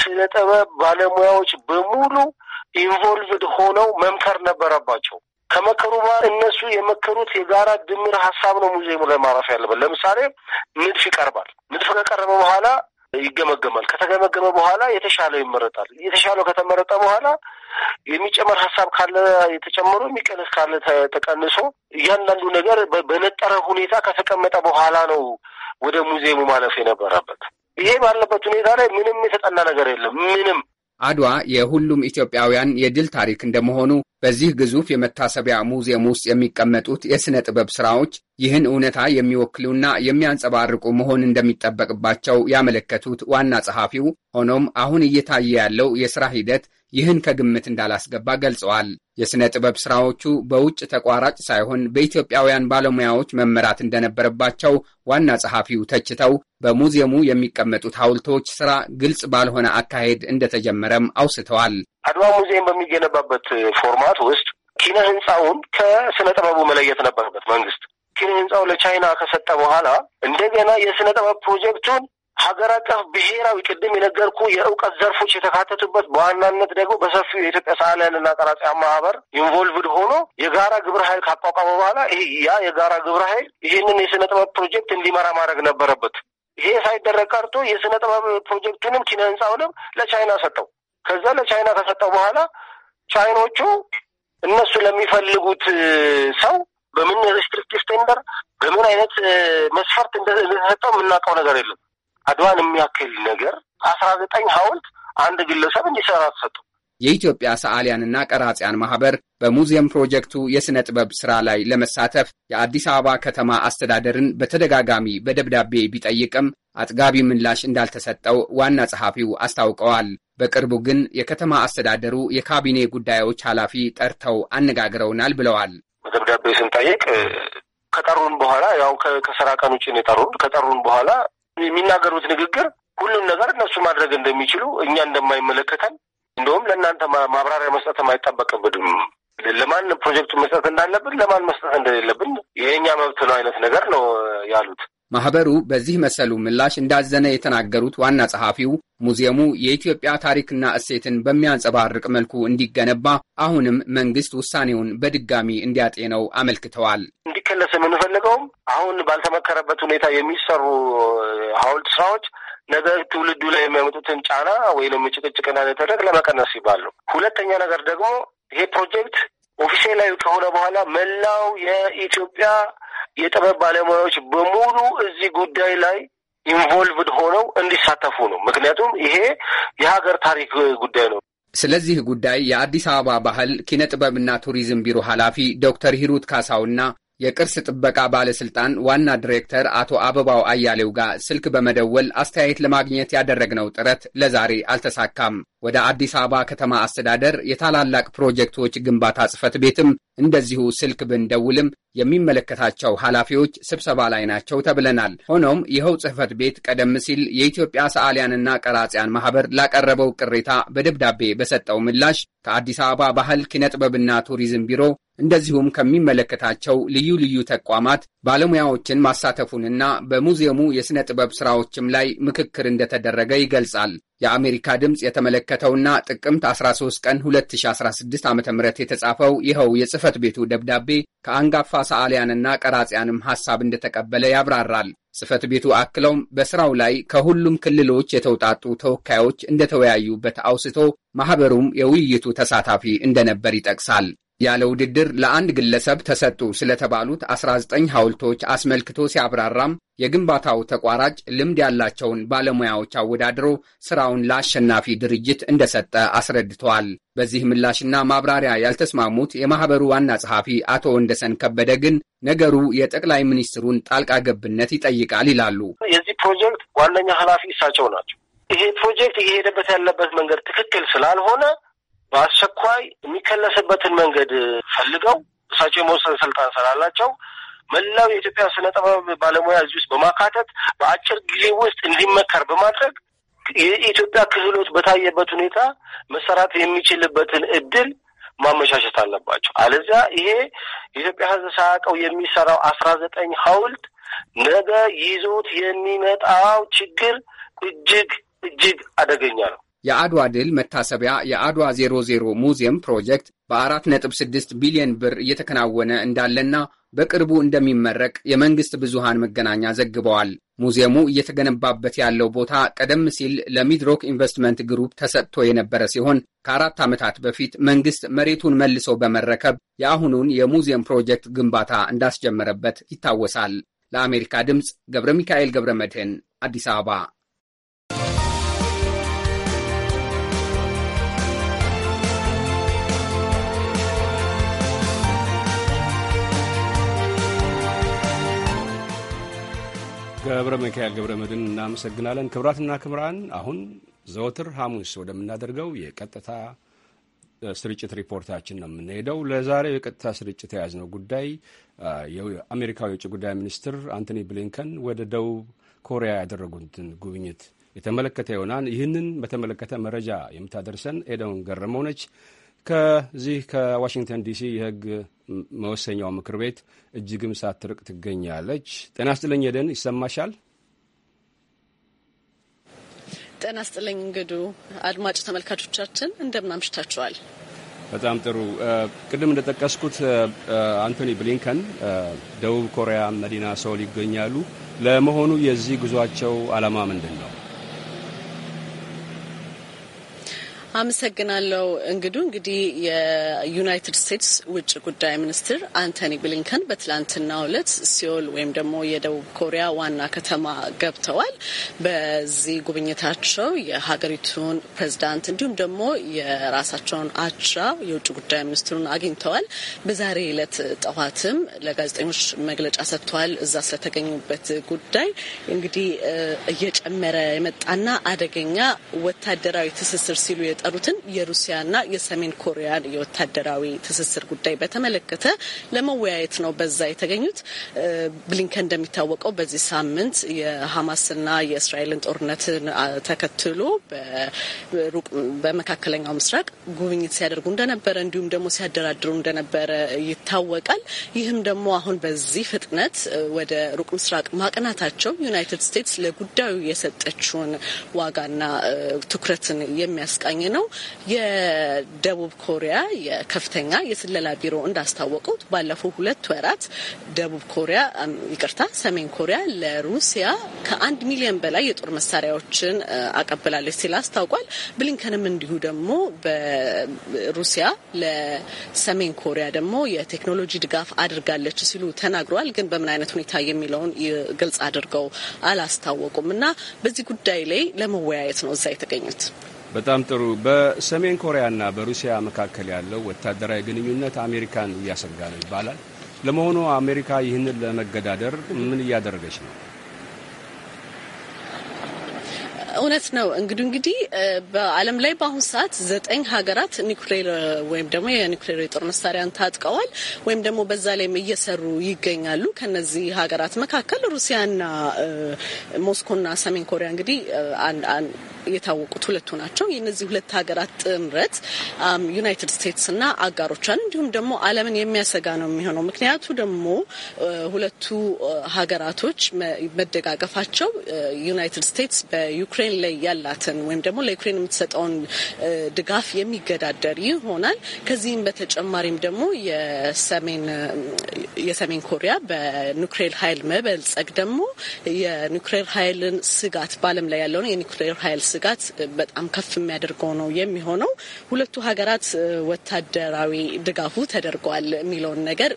ስነ ጥበብ ባለሙያዎች በሙሉ ኢንቮልቭድ ሆነው መምከር ነበረባቸው። ከመከሩ ጋር እነሱ የመከሩት የጋራ ድምር ሀሳብ ነው ሙዚየሙ ላይ ማረፍ ያለበት። ለምሳሌ ንድፍ ይቀርባል። ንድፍ ከቀረበ በኋላ ይገመገማል። ከተገመገመ በኋላ የተሻለው ይመረጣል። የተሻለው ከተመረጠ በኋላ የሚጨመር ሀሳብ ካለ የተጨመሩ፣ የሚቀንስ ካለ ተቀንሶ፣ እያንዳንዱ ነገር በነጠረ ሁኔታ ከተቀመጠ በኋላ ነው ወደ ሙዚየሙ ማለፍ የነበረበት። ይሄ ባለበት ሁኔታ ላይ ምንም የተጠና ነገር የለም። ምንም አድዋ የሁሉም ኢትዮጵያውያን የድል ታሪክ እንደመሆኑ በዚህ ግዙፍ የመታሰቢያ ሙዚየም ውስጥ የሚቀመጡት የሥነ ጥበብ ሥራዎች ይህን እውነታ የሚወክሉና የሚያንጸባርቁ መሆን እንደሚጠበቅባቸው ያመለከቱት ዋና ጸሐፊው፣ ሆኖም አሁን እየታየ ያለው የሥራ ሂደት ይህን ከግምት እንዳላስገባ ገልጸዋል። የሥነ ጥበብ ሥራዎቹ በውጭ ተቋራጭ ሳይሆን በኢትዮጵያውያን ባለሙያዎች መመራት እንደነበረባቸው ዋና ጸሐፊው ተችተው በሙዚየሙ የሚቀመጡት ሐውልቶች ሥራ ግልጽ ባልሆነ አካሄድ እንደተጀመረም አውስተዋል። አድዋ ሙዚየም በሚገነባበት ፎርማት ውስጥ ኪነ ሕንፃውን ከሥነ ጥበቡ መለየት ነበረበት መንግስት ኪነ ሕንፃው ለቻይና ከሰጠ በኋላ እንደገና የሥነ ጥበብ ፕሮጀክቱን ሀገር አቀፍ ብሔራዊ ቅድም የነገርኩ የእውቀት ዘርፎች የተካተቱበት በዋናነት ደግሞ በሰፊው የኢትዮጵያ ሰዓሊያንና ቀራጺያን ማህበር ኢንቮልቭድ ሆኖ የጋራ ግብረ ኃይል ካቋቋመ በኋላ ይሄ ያ የጋራ ግብረ ኃይል ይህንን የስነ ጥበብ ፕሮጀክት እንዲመራ ማድረግ ነበረበት። ይሄ ሳይደረግ ቀርቶ የስነ ጥበብ ፕሮጀክቱንም ኪነ ህንፃውንም ለቻይና ሰጠው። ከዛ ለቻይና ከሰጠው በኋላ ቻይኖቹ እነሱ ለሚፈልጉት ሰው በምን ሪስትሪክቲቭ ቴንደር በምን አይነት መስፈርት እንደተሰጠው የምናውቀው ነገር የለም። አድዋን የሚያክል ነገር አስራ ዘጠኝ ሐውልት አንድ ግለሰብ እንዲሰራ ተሰጡ። የኢትዮጵያ ሰዓሊያንና ቀራጺያን ማህበር በሙዚየም ፕሮጀክቱ የሥነ ጥበብ ሥራ ላይ ለመሳተፍ የአዲስ አበባ ከተማ አስተዳደርን በተደጋጋሚ በደብዳቤ ቢጠይቅም አጥጋቢ ምላሽ እንዳልተሰጠው ዋና ጸሐፊው አስታውቀዋል። በቅርቡ ግን የከተማ አስተዳደሩ የካቢኔ ጉዳዮች ኃላፊ ጠርተው አነጋግረውናል ብለዋል። በደብዳቤ ስንጠይቅ ከጠሩን በኋላ ያው ከስራ ቀን ውጭ ነው የጠሩን። ከጠሩን በኋላ የሚናገሩት ንግግር ሁሉም ነገር እነሱ ማድረግ እንደሚችሉ እኛ እንደማይመለከተን እንደውም ለእናንተ ማብራሪያ መስጠት አይጠበቅብንም ለማን ፕሮጀክቱ መስጠት እንዳለብን ለማን መስጠት እንደሌለብን የእኛ መብት ነው አይነት ነገር ነው ያሉት። ማኅበሩ በዚህ መሰሉ ምላሽ እንዳዘነ የተናገሩት ዋና ጸሐፊው ሙዚየሙ የኢትዮጵያ ታሪክና እሴትን በሚያንጸባርቅ መልኩ እንዲገነባ አሁንም መንግስት ውሳኔውን በድጋሚ እንዲያጤነው አመልክተዋል። እንዲከለስ የምንፈልገውም አሁን ባልተመከረበት ሁኔታ የሚሰሩ ሐውልት ስራዎች ነገ ትውልዱ ላይ የሚያመጡትን ጫና ወይም ጭቅጭቅና ተደረግ ለመቀነስ ይባሉ። ሁለተኛ ነገር ደግሞ ይሄ ፕሮጀክት ኦፊሴላዊ ከሆነ በኋላ መላው የኢትዮጵያ የጥበብ ባለሙያዎች በሙሉ እዚህ ጉዳይ ላይ ኢንቮልቭድ ሆነው እንዲሳተፉ ነው። ምክንያቱም ይሄ የሀገር ታሪክ ጉዳይ ነው። ስለዚህ ጉዳይ የአዲስ አበባ ባህል ኪነ ጥበብና ቱሪዝም ቢሮ ኃላፊ ዶክተር ሂሩት ካሳውና የቅርስ ጥበቃ ባለስልጣን ዋና ዲሬክተር አቶ አበባው አያሌው ጋር ስልክ በመደወል አስተያየት ለማግኘት ያደረግነው ጥረት ለዛሬ አልተሳካም። ወደ አዲስ አበባ ከተማ አስተዳደር የታላላቅ ፕሮጀክቶች ግንባታ ጽፈት ቤትም እንደዚሁ ስልክ ብንደውልም የሚመለከታቸው ኃላፊዎች ስብሰባ ላይ ናቸው ተብለናል። ሆኖም ይኸው ጽህፈት ቤት ቀደም ሲል የኢትዮጵያ ሰዓሊያንና ቀራጺያን ማህበር ላቀረበው ቅሬታ በደብዳቤ በሰጠው ምላሽ ከአዲስ አበባ ባህል ኪነጥበብና ቱሪዝም ቢሮ እንደዚሁም ከሚመለከታቸው ልዩ ልዩ ተቋማት ባለሙያዎችን ማሳተፉንና በሙዚየሙ የሥነ ጥበብ ሥራዎችም ላይ ምክክር እንደተደረገ ይገልጻል። የአሜሪካ ድምፅ የተመለከተውና ጥቅምት 13 ቀን 2016 ዓ ም የተጻፈው ይኸው የጽህፈት ቤቱ ደብዳቤ ከአንጋፋ ሰዓሊያንና ቀራጺያንም ሐሳብ እንደተቀበለ ያብራራል። ጽህፈት ቤቱ አክለውም በሥራው ላይ ከሁሉም ክልሎች የተውጣጡ ተወካዮች እንደተወያዩበት አውስቶ ማኅበሩም የውይይቱ ተሳታፊ እንደነበር ይጠቅሳል። ያለ ውድድር ለአንድ ግለሰብ ተሰጡ ስለተባሉት 19 ሐውልቶች አስመልክቶ ሲያብራራም የግንባታው ተቋራጭ ልምድ ያላቸውን ባለሙያዎች አወዳድሮ ስራውን ለአሸናፊ ድርጅት እንደሰጠ አስረድተዋል። በዚህ ምላሽና ማብራሪያ ያልተስማሙት የማኅበሩ ዋና ጸሐፊ አቶ ወንደሰን ከበደ ግን ነገሩ የጠቅላይ ሚኒስትሩን ጣልቃ ገብነት ይጠይቃል ይላሉ። የዚህ ፕሮጀክት ዋነኛ ኃላፊ እሳቸው ናቸው። ይሄ ፕሮጀክት እየሄደበት ያለበት መንገድ ትክክል ስላልሆነ በአስቸኳይ የሚከለስበትን መንገድ ፈልገው እሳቸው የመወሰን ስልጣን ስላላቸው መላው የኢትዮጵያ ስነ ጥበብ ባለሙያ እዚህ ውስጥ በማካተት በአጭር ጊዜ ውስጥ እንዲመከር በማድረግ የኢትዮጵያ ክህሎት በታየበት ሁኔታ መሰራት የሚችልበትን እድል ማመቻቸት አለባቸው። አለዚያ ይሄ የኢትዮጵያ ሕዝብ ሳያውቀው የሚሰራው አስራ ዘጠኝ ሀውልት ነገ ይዞት የሚመጣው ችግር እጅግ እጅግ አደገኛ ነው። የአድዋ ድል መታሰቢያ የአድዋ 00 ሙዚየም ፕሮጀክት በ4.6 ቢሊዮን ብር እየተከናወነ እንዳለና በቅርቡ እንደሚመረቅ የመንግሥት ብዙሃን መገናኛ ዘግበዋል። ሙዚየሙ እየተገነባበት ያለው ቦታ ቀደም ሲል ለሚድሮክ ኢንቨስትመንት ግሩፕ ተሰጥቶ የነበረ ሲሆን ከአራት ዓመታት በፊት መንግሥት መሬቱን መልሶ በመረከብ የአሁኑን የሙዚየም ፕሮጀክት ግንባታ እንዳስጀመረበት ይታወሳል። ለአሜሪካ ድምፅ ገብረ ሚካኤል ገብረ መድህን አዲስ አበባ ገብረ ሚካኤል ገብረ መድን እናመሰግናለን። ክብራትና ክብራን አሁን ዘወትር ሐሙስ ወደምናደርገው የቀጥታ ስርጭት ሪፖርታችን ነው የምንሄደው። ለዛሬው የቀጥታ ስርጭት የያዝነው ጉዳይ የአሜሪካው የውጭ ጉዳይ ሚኒስትር አንቶኒ ብሊንከን ወደ ደቡብ ኮሪያ ያደረጉትን ጉብኝት የተመለከተ ይሆናል። ይህንን በተመለከተ መረጃ የምታደርሰን ኤደን ገረመው ነች። ከዚህ ከዋሽንግተን ዲሲ የህግ መወሰኛው ምክር ቤት እጅግም ሳትርቅ ትገኛለች። ጤና ስጥልኝ የደን ይሰማሻል? ጤና ስጥልኝ እንግዱ አድማጭ ተመልካቾቻችን እንደምን አምሽታችኋል? በጣም ጥሩ። ቅድም እንደጠቀስኩት አንቶኒ ብሊንከን ደቡብ ኮሪያ መዲና ሰውል ይገኛሉ። ለመሆኑ የዚህ ጉዟቸው ዓላማ ምንድን ነው? አመሰግናለሁ። እንግዱ እንግዲህ የዩናይትድ ስቴትስ ውጭ ጉዳይ ሚኒስትር አንቶኒ ብሊንከን በትላንትና ዕለት ሲኦል ወይም ደግሞ የደቡብ ኮሪያ ዋና ከተማ ገብተዋል። በዚህ ጉብኝታቸው የሀገሪቱን ፕሬዝዳንት እንዲሁም ደግሞ የራሳቸውን አቻ የውጭ ጉዳይ ሚኒስትሩን አግኝተዋል። በዛሬ ዕለት ጠዋትም ለጋዜጠኞች መግለጫ ሰጥተዋል። እዛ ስለተገኙበት ጉዳይ እንግዲህ እየጨመረ የመጣና አደገኛ ወታደራዊ ትስስር ሲሉ የሚጠሩትን የሩሲያና የሰሜን ኮሪያን የወታደራዊ ትስስር ጉዳይ በተመለከተ ለመወያየት ነው በዛ የተገኙት። ብሊንከን እንደሚታወቀው በዚህ ሳምንት የሀማስና የእስራኤልን ጦርነትን ተከትሎ በሩቅ በመካከለኛው ምስራቅ ጉብኝት ሲያደርጉ እንደነበረ እንዲሁም ደግሞ ሲያደራድሩ እንደነበረ ይታወቃል። ይህም ደግሞ አሁን በዚህ ፍጥነት ወደ ሩቅ ምስራቅ ማቅናታቸው ዩናይትድ ስቴትስ ለጉዳዩ የሰጠችውን ዋጋና ትኩረትን የሚያስቃኝ ነው። የደቡብ ኮሪያ የከፍተኛ የስለላ ቢሮ እንዳስታወቁት ባለፈው ሁለት ወራት ደቡብ ኮሪያ ይቅርታ፣ ሰሜን ኮሪያ ለሩሲያ ከአንድ ሚሊዮን በላይ የጦር መሳሪያዎችን አቀብላለች ሲል አስታውቋል። ብሊንከንም እንዲሁ ደግሞ በሩሲያ ለሰሜን ኮሪያ ደግሞ የቴክኖሎጂ ድጋፍ አድርጋለች ሲሉ ተናግረዋል። ግን በምን አይነት ሁኔታ የሚለውን ግልጽ አድርገው አላስታወቁም እና በዚህ ጉዳይ ላይ ለመወያየት ነው እዛ የተገኙት። በጣም ጥሩ። በሰሜን ኮሪያና በሩሲያ መካከል ያለው ወታደራዊ ግንኙነት አሜሪካን እያሰጋ ነው ይባላል። ለመሆኑ አሜሪካ ይህንን ለመገዳደር ምን እያደረገች ነው? እውነት ነው። እንግዲህ እንግዲህ በዓለም ላይ በአሁኑ ሰዓት ዘጠኝ ሀገራት ኒኩሌር ወይም ደግሞ የኒውክሌር የጦር መሳሪያን ታጥቀዋል ወይም ደግሞ በዛ ላይም እየሰሩ ይገኛሉ። ከነዚህ ሀገራት መካከል ሩሲያና ሞስኮና ሰሜን ኮሪያ እንግዲህ የታወቁት ሁለቱ ናቸው። የእነዚህ ሁለት ሀገራት ጥምረት ዩናይትድ እና አጋሮቿን እንዲሁም ደግሞ ዓለምን የሚያሰጋ ነው የሚሆነው። ምክንያቱ ደግሞ ሁለቱ ሀገራቶች መደጋገፋቸው ዩናይትድ ስቴትስ በዩክሬን ላይ ያላትን ወይም ደግሞ ለዩክሬን የምትሰጠውን ድጋፍ የሚገዳደር ይሆናል። ከዚህም በተጨማሪም ደግሞ የሰሜን ኮሪያ በኒውክሌር ኃይል መበልጸግ ደግሞ የኒውክሌር ኃይልን ስጋት በዓለም ላይ ያለውን የኒክሌር ኃይል ስ ስጋት በጣም ከፍ የሚያደርገው ነው የሚሆነው። ሁለቱ ሀገራት ወታደራዊ ድጋፉ ተደርገዋል የሚለውን ነገር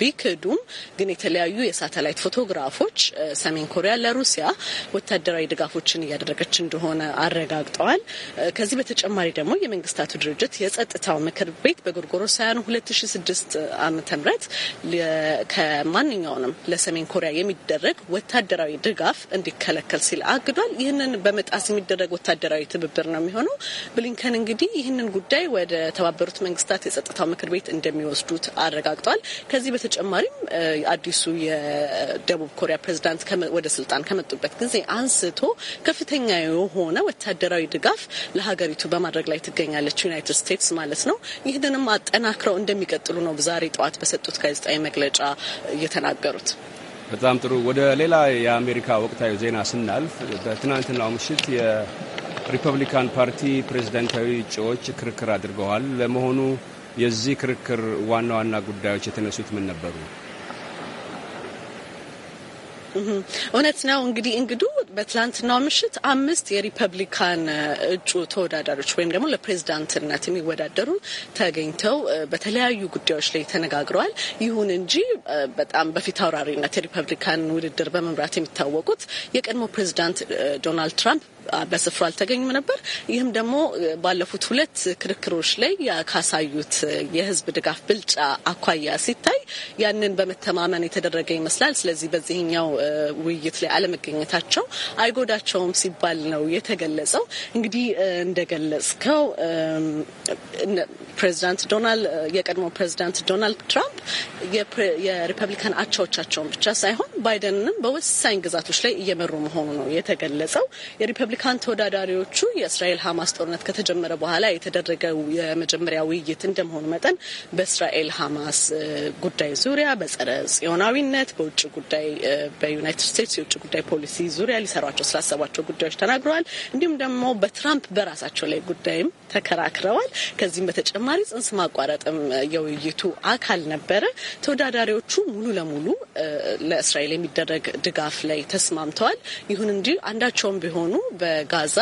ቢክዱም ግን የተለያዩ የሳተላይት ፎቶግራፎች ሰሜን ኮሪያ ለሩሲያ ወታደራዊ ድጋፎችን እያደረገች እንደሆነ አረጋግጠዋል። ከዚህ በተጨማሪ ደግሞ የመንግስታቱ ድርጅት የጸጥታው ምክር ቤት በጎርጎሮሳውያኑ 2006 ዓ ምህረት ከማንኛውንም ለሰሜን ኮሪያ የሚደረግ ወታደራዊ ድጋፍ እንዲከለከል ሲል አግዷል። ይህንን በመጣስ የሚደረግ ወታደራዊ ትብብር ነው የሚሆነው። ብሊንከን እንግዲህ ይህንን ጉዳይ ወደ ተባበሩት መንግስታት የጸጥታው ምክር ቤት እንደሚወስዱት አረጋግጧል። ከዚህ በተጨማሪም አዲሱ የደቡብ ኮሪያ ፕሬዚዳንት ወደ ስልጣን ከመጡበት ጊዜ አንስቶ ከፍተኛ የሆነ ወታደራዊ ድጋፍ ለሀገሪቱ በማድረግ ላይ ትገኛለች ዩናይትድ ስቴትስ ማለት ነው። ይህንንም አጠናክረው እንደሚቀጥሉ ነው ዛሬ ጠዋት በሰጡት ጋዜጣዊ መግለጫ የተናገሩት። በጣም ጥሩ። ወደ ሌላ የአሜሪካ ወቅታዊ ዜና ስናልፍ በትናንትናው ምሽት የሪፐብሊካን ፓርቲ ፕሬዝዳንታዊ እጩዎች ክርክር አድርገዋል። ለመሆኑ የዚህ ክርክር ዋና ዋና ጉዳዮች የተነሱት ምን ነበሩ? እውነት ነው። እንግዲህ እንግዱ በትላንትናው ምሽት አምስት የሪፐብሊካን እጩ ተወዳዳሪዎች ወይም ደግሞ ለፕሬዝዳንትነት የሚወዳደሩ ተገኝተው በተለያዩ ጉዳዮች ላይ ተነጋግረዋል። ይሁን እንጂ በጣም በፊት አውራሪነት የሪፐብሊካን ውድድር በመምራት የሚታወቁት የቀድሞ ፕሬዝዳንት ዶናልድ ትራምፕ በስፍራ አልተገኙም ነበር። ይህም ደግሞ ባለፉት ሁለት ክርክሮች ላይ ካሳዩት የህዝብ ድጋፍ ብልጫ አኳያ ሲታይ ያንን በመተማመን የተደረገ ይመስላል። ስለዚህ በዚህኛው ውይይት ላይ አለመገኘታቸው አይጎዳቸውም ሲባል ነው የተገለጸው። እንግዲህ እንደገለጽከው ፕሬዚዳንት ዶናልድ የቀድሞ ፕሬዚዳንት ዶናልድ ትራምፕ የሪፐብሊካን አቻዎቻቸውን ብቻ ሳይሆን ባይደንንም በወሳኝ ግዛቶች ላይ እየመሩ መሆኑ ነው የተገለጸው። የሪፐብሊካን ተወዳዳሪዎቹ የእስራኤል ሀማስ ጦርነት ከተጀመረ በኋላ የተደረገ የመጀመሪያ ውይይት እንደመሆኑ መጠን በእስራኤል ሀማስ ጉዳይ ዙሪያ በጸረ ጽዮናዊነት፣ በውጭ ጉዳይ በዩናይትድ ስቴትስ የውጭ ጉዳይ ፖሊሲ ዙሪያ ሊሰሯቸው ስላሰቧቸው ጉዳዮች ተናግረዋል። እንዲሁም ደግሞ በትራምፕ በራሳቸው ላይ ጉዳይም ተከራክረዋል። ከዚህም በተጨማሪ ጽንስ ማቋረጥም የውይይቱ አካል ነበረ። ተወዳዳሪዎቹ ሙሉ ለሙሉ ለእስራኤል የሚደረግ ድጋፍ ላይ ተስማምተዋል። ይሁን እንጂ አንዳቸውም ቢሆኑ በጋዛ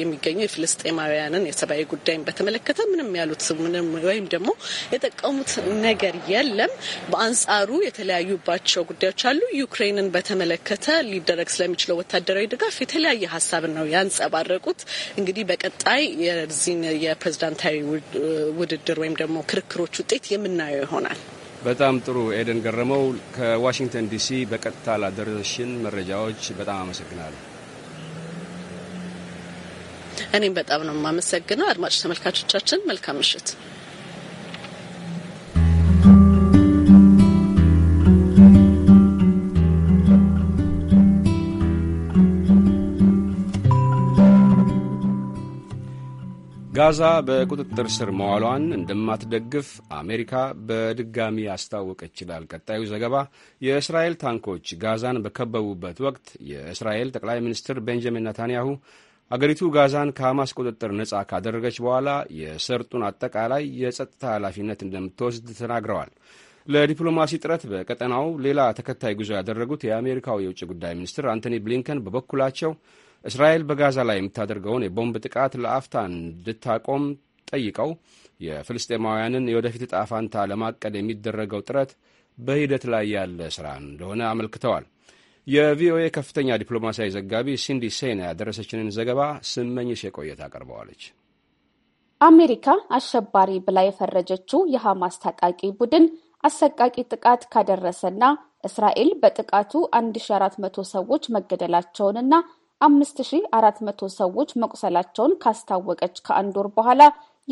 የሚገኙ የፍልስጤማውያንን የሰብአዊ ጉዳይን በተመለከተ ምንም ያሉት ምንም ወይም ደግሞ የጠቀሙት ነገር የለም። በአንጻሩ የተለያዩባቸው ጉዳዮች አሉ። ዩክሬንን በተመለከተ ሊደረግ ስለሚችለው ወታደራዊ ድጋፍ የተለያየ ሀሳብ ነው ያንጸባረቁት። እንግዲህ በቀጣይ የዚህን የፕሬዝዳንታዊ ውድድር ወይም ደግሞ ክርክሮች ውጤት የምናየው ይሆናል። በጣም ጥሩ ኤደን ገረመው ከዋሽንግተን ዲሲ በቀጥታ ላደረሽን መረጃዎች በጣም አመሰግናለሁ። እኔም በጣም ነው የማመሰግነው። አድማጭ ተመልካቾቻችን መልካም ምሽት። ጋዛ በቁጥጥር ስር መዋሏን እንደማትደግፍ አሜሪካ በድጋሚ አስታወቅ ይችላል። ቀጣዩ ዘገባ የእስራኤል ታንኮች ጋዛን በከበቡበት ወቅት የእስራኤል ጠቅላይ ሚኒስትር ቤንጃሚን ነታንያሁ አገሪቱ ጋዛን ከሐማስ ቁጥጥር ነጻ ካደረገች በኋላ የሰርጡን አጠቃላይ የጸጥታ ኃላፊነት እንደምትወስድ ተናግረዋል። ለዲፕሎማሲ ጥረት በቀጠናው ሌላ ተከታይ ጉዞ ያደረጉት የአሜሪካው የውጭ ጉዳይ ሚኒስትር አንቶኒ ብሊንከን በበኩላቸው እስራኤል በጋዛ ላይ የምታደርገውን የቦምብ ጥቃት ለአፍታ እንድታቆም ጠይቀው የፍልስጤማውያንን የወደፊት እጣ ፋንታ ለማቀድ የሚደረገው ጥረት በሂደት ላይ ያለ ስራ እንደሆነ አመልክተዋል። የቪኦኤ ከፍተኛ ዲፕሎማሲያዊ ዘጋቢ ሲንዲ ሴና ያደረሰችንን ዘገባ ስመኝሽ የቆየት አቀርበዋለች። አሜሪካ አሸባሪ ብላ የፈረጀችው የሐማስ ታጣቂ ቡድን አሰቃቂ ጥቃት ካደረሰና እስራኤል በጥቃቱ 1400 ሰዎች መገደላቸውንና 5400 ሰዎች መቁሰላቸውን ካስታወቀች ከአንድ ወር በኋላ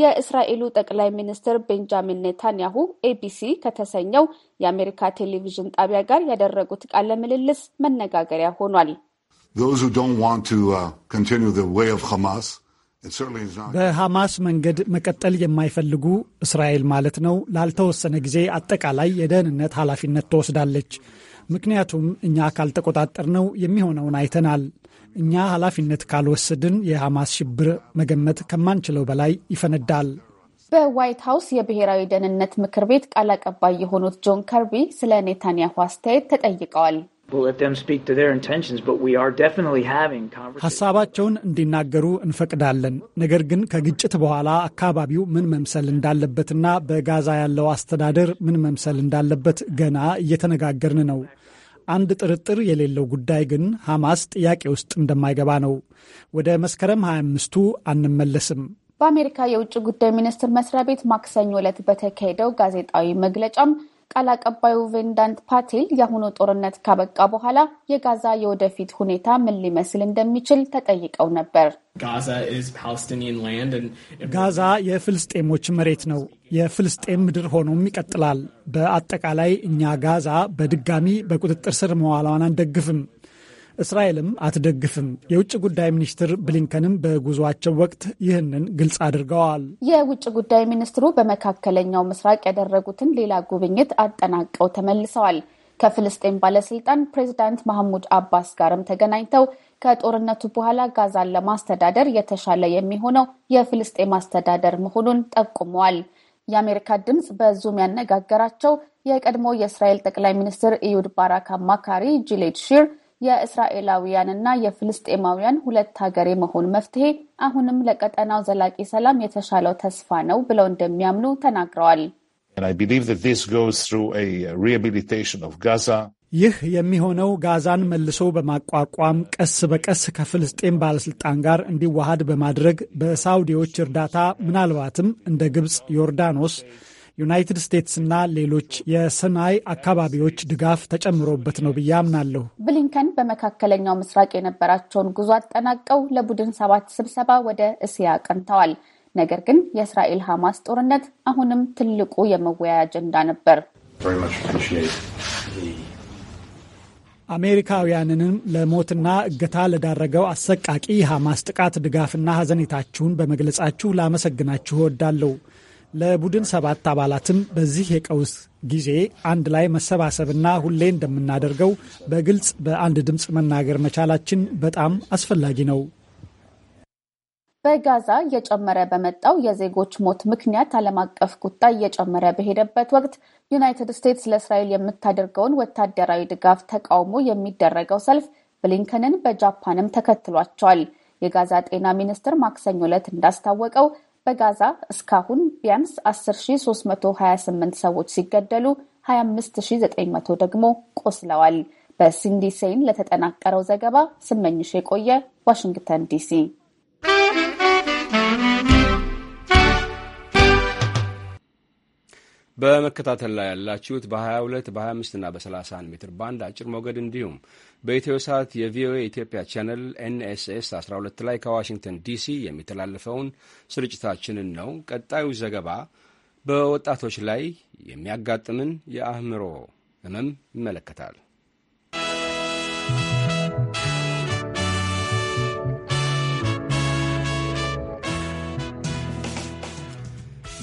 የእስራኤሉ ጠቅላይ ሚኒስትር ቤንጃሚን ኔታንያሁ ኤቢሲ ከተሰኘው የአሜሪካ ቴሌቪዥን ጣቢያ ጋር ያደረጉት ቃለ ምልልስ መነጋገሪያ ሆኗል። uh, በሐማስ መንገድ መቀጠል የማይፈልጉ እስራኤል ማለት ነው ላልተወሰነ ጊዜ አጠቃላይ የደህንነት ኃላፊነት ትወስዳለች። ምክንያቱም እኛ ካልተቆጣጠር ነው የሚሆነውን አይተናል። እኛ ኃላፊነት ካልወሰድን የሐማስ ሽብር መገመት ከማንችለው በላይ ይፈነዳል። በዋይት ሀውስ የብሔራዊ ደህንነት ምክር ቤት ቃል አቀባይ የሆኑት ጆን ከርቢ ስለ ኔታንያሁ አስተያየት ተጠይቀዋል። ሀሳባቸውን እንዲናገሩ እንፈቅዳለን። ነገር ግን ከግጭት በኋላ አካባቢው ምን መምሰል እንዳለበትና በጋዛ ያለው አስተዳደር ምን መምሰል እንዳለበት ገና እየተነጋገርን ነው። አንድ ጥርጥር የሌለው ጉዳይ ግን ሐማስ ጥያቄ ውስጥ እንደማይገባ ነው። ወደ መስከረም 25ቱ አንመለስም። በአሜሪካ የውጭ ጉዳይ ሚኒስቴር መስሪያ ቤት ማክሰኞ ዕለት በተካሄደው ጋዜጣዊ መግለጫም ቃል አቀባዩ ቬንዳንት ፓቴል የአሁኑ ጦርነት ካበቃ በኋላ የጋዛ የወደፊት ሁኔታ ምን ሊመስል እንደሚችል ተጠይቀው ነበር። ጋዛ የፍልስጤሞች መሬት ነው። የፍልስጤም ምድር ሆኖም ይቀጥላል። በአጠቃላይ እኛ ጋዛ በድጋሚ በቁጥጥር ስር መዋሏን አንደግፍም። እስራኤልም አትደግፍም። የውጭ ጉዳይ ሚኒስትር ብሊንከንም በጉዞአቸው ወቅት ይህንን ግልጽ አድርገዋል። የውጭ ጉዳይ ሚኒስትሩ በመካከለኛው ምስራቅ ያደረጉትን ሌላ ጉብኝት አጠናቀው ተመልሰዋል። ከፍልስጤን ባለስልጣን ፕሬዚዳንት ማህሙድ አባስ ጋርም ተገናኝተው ከጦርነቱ በኋላ ጋዛን ለማስተዳደር የተሻለ የሚሆነው የፍልስጤም አስተዳደር መሆኑን ጠቁመዋል። የአሜሪካ ድምፅ በዙም ያነጋገራቸው የቀድሞ የእስራኤል ጠቅላይ ሚኒስትር ኢዩድ ባራክ አማካሪ ጂሌድ ሺር የእስራኤላውያንና የፍልስጤማውያን ሁለት ሀገር የመሆን መፍትሄ አሁንም ለቀጠናው ዘላቂ ሰላም የተሻለው ተስፋ ነው ብለው እንደሚያምኑ ተናግረዋል። ይህ የሚሆነው ጋዛን መልሶ በማቋቋም ቀስ በቀስ ከፍልስጤም ባለስልጣን ጋር እንዲዋሃድ በማድረግ በሳውዲዎች እርዳታ ምናልባትም እንደ ግብፅ፣ ዮርዳኖስ ዩናይትድ ስቴትስና ሌሎች የሰናይ አካባቢዎች ድጋፍ ተጨምሮበት ነው ብዬ አምናለሁ። ብሊንከን በመካከለኛው ምስራቅ የነበራቸውን ጉዞ አጠናቀው ለቡድን ሰባት ስብሰባ ወደ እስያ አቅንተዋል። ነገር ግን የእስራኤል ሐማስ ጦርነት አሁንም ትልቁ የመወያያ አጀንዳ ነበር። አሜሪካውያንንም ለሞትና እገታ ለዳረገው አሰቃቂ ሐማስ ጥቃት ድጋፍና ሐዘኔታችሁን በመግለጻችሁ ላመሰግናችሁ እወዳለሁ። ለቡድን ሰባት አባላትም በዚህ የቀውስ ጊዜ አንድ ላይ መሰባሰብና ሁሌ እንደምናደርገው በግልጽ በአንድ ድምፅ መናገር መቻላችን በጣም አስፈላጊ ነው። በጋዛ እየጨመረ በመጣው የዜጎች ሞት ምክንያት ዓለም አቀፍ ቁጣ እየጨመረ በሄደበት ወቅት ዩናይትድ ስቴትስ ለእስራኤል የምታደርገውን ወታደራዊ ድጋፍ ተቃውሞ የሚደረገው ሰልፍ ብሊንከንን በጃፓንም ተከትሏቸዋል። የጋዛ ጤና ሚኒስቴር ማክሰኞ ዕለት እንዳስታወቀው በጋዛ እስካሁን ቢያንስ 10328 ሰዎች ሲገደሉ 25900 ደግሞ ቆስለዋል። በሲንዲ ሴይን ለተጠናቀረው ዘገባ ስመኝሽ የቆየ ዋሽንግተን ዲሲ። በመከታተል ላይ ያላችሁት በ22 በ25 እና በ31 ሜትር ባንድ አጭር ሞገድ እንዲሁም በኢትዮ ሰዓት የቪኦኤ ኢትዮጵያ ቻነል ኤንኤስኤስ 12 ላይ ከዋሽንግተን ዲሲ የሚተላለፈውን ስርጭታችንን ነው። ቀጣዩ ዘገባ በወጣቶች ላይ የሚያጋጥምን የአእምሮ ህመም ይመለከታል።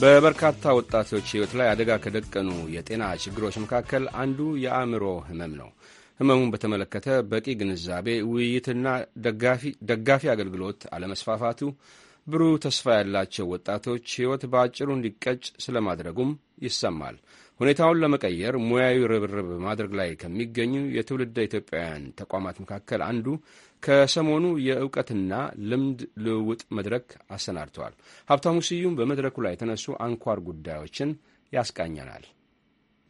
በበርካታ ወጣቶች ሕይወት ላይ አደጋ ከደቀኑ የጤና ችግሮች መካከል አንዱ የአእምሮ ህመም ነው። ህመሙን በተመለከተ በቂ ግንዛቤ፣ ውይይትና ደጋፊ አገልግሎት አለመስፋፋቱ ብሩህ ተስፋ ያላቸው ወጣቶች ሕይወት በአጭሩ እንዲቀጭ ስለማድረጉም ይሰማል። ሁኔታውን ለመቀየር ሙያዊ ርብርብ ማድረግ ላይ ከሚገኙ የትውልደ ኢትዮጵያውያን ተቋማት መካከል አንዱ ከሰሞኑ የእውቀትና ልምድ ልውውጥ መድረክ አሰናድተዋል። ሀብታሙ ስዩም በመድረኩ ላይ የተነሱ አንኳር ጉዳዮችን ያስቃኘናል።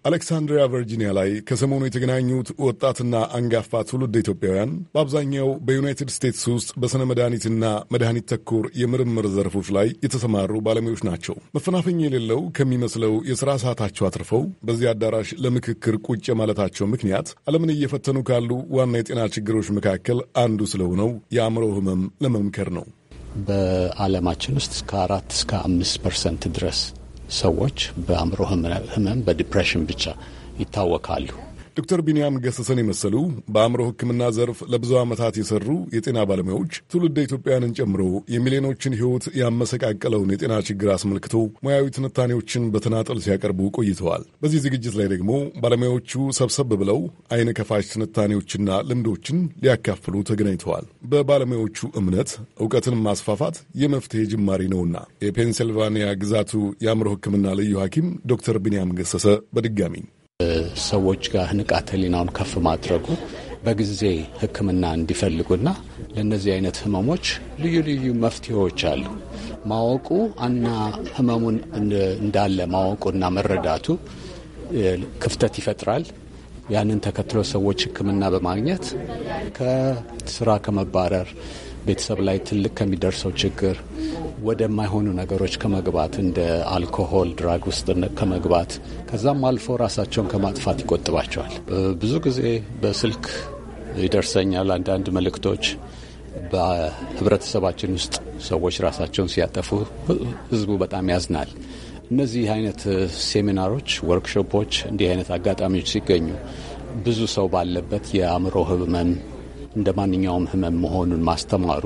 አሌክሳንድሪያ ቨርጂኒያ ላይ ከሰሞኑ የተገናኙት ወጣትና አንጋፋ ትውልድ ኢትዮጵያውያን በአብዛኛው በዩናይትድ ስቴትስ ውስጥ በሥነ መድኃኒትና መድኃኒት ተኮር የምርምር ዘርፎች ላይ የተሰማሩ ባለሙያዎች ናቸው። መፈናፈኝ የሌለው ከሚመስለው የሥራ ሰዓታቸው አትርፈው በዚህ አዳራሽ ለምክክር ቁጭ ማለታቸው ምክንያት ዓለምን እየፈተኑ ካሉ ዋና የጤና ችግሮች መካከል አንዱ ስለሆነው የአእምሮ ሕመም ለመምከር ነው። በዓለማችን ውስጥ እስከ አራት እስከ አምስት ፐርሰንት ድረስ ሰዎች በአእምሮ ህመም፣ በዲፕሬሽን ብቻ ይታወቃሉ። ዶክተር ቢንያም ገሰሰን የመሰሉ በአእምሮ ሕክምና ዘርፍ ለብዙ ዓመታት የሰሩ የጤና ባለሙያዎች ትውልደ ኢትዮጵያውያንን ጨምሮ የሚሊዮኖችን ሕይወት ያመሰቃቀለውን የጤና ችግር አስመልክቶ ሙያዊ ትንታኔዎችን በተናጠል ሲያቀርቡ ቆይተዋል። በዚህ ዝግጅት ላይ ደግሞ ባለሙያዎቹ ሰብሰብ ብለው አይነ ከፋሽ ትንታኔዎችና ልምዶችን ሊያካፍሉ ተገናኝተዋል። በባለሙያዎቹ እምነት እውቀትን ማስፋፋት የመፍትሄ ጅማሬ ነውና የፔንሲልቫኒያ ግዛቱ የአእምሮ ሕክምና ልዩ ሐኪም ዶክተር ቢንያም ገሰሰ በድጋሚ ሰዎች ጋር ንቃተ ህሊናውን ከፍ ማድረጉ በጊዜ ሕክምና እንዲፈልጉና ለእነዚህ አይነት ህመሞች ልዩ ልዩ መፍትሄዎች አሉ። ማወቁ እና ህመሙን እንዳለ ማወቁና መረዳቱ ክፍተት ይፈጥራል። ያንን ተከትሎ ሰዎች ሕክምና በማግኘት ከስራ ከመባረር ቤተሰብ ላይ ትልቅ ከሚደርሰው ችግር ወደማይሆኑ ነገሮች ከመግባት እንደ አልኮሆል፣ ድራግ ውስጥ ከመግባት ከዛም አልፎ ራሳቸውን ከማጥፋት ይቆጥባቸዋል። ብዙ ጊዜ በስልክ ይደርሰኛል አንዳንድ መልእክቶች በህብረተሰባችን ውስጥ ሰዎች ራሳቸውን ሲያጠፉ ህዝቡ በጣም ያዝናል። እነዚህ አይነት ሴሚናሮች፣ ወርክሾፖች፣ እንዲህ አይነት አጋጣሚዎች ሲገኙ ብዙ ሰው ባለበት የአእምሮ ህመም እንደ ማንኛውም ህመም መሆኑን ማስተማሩ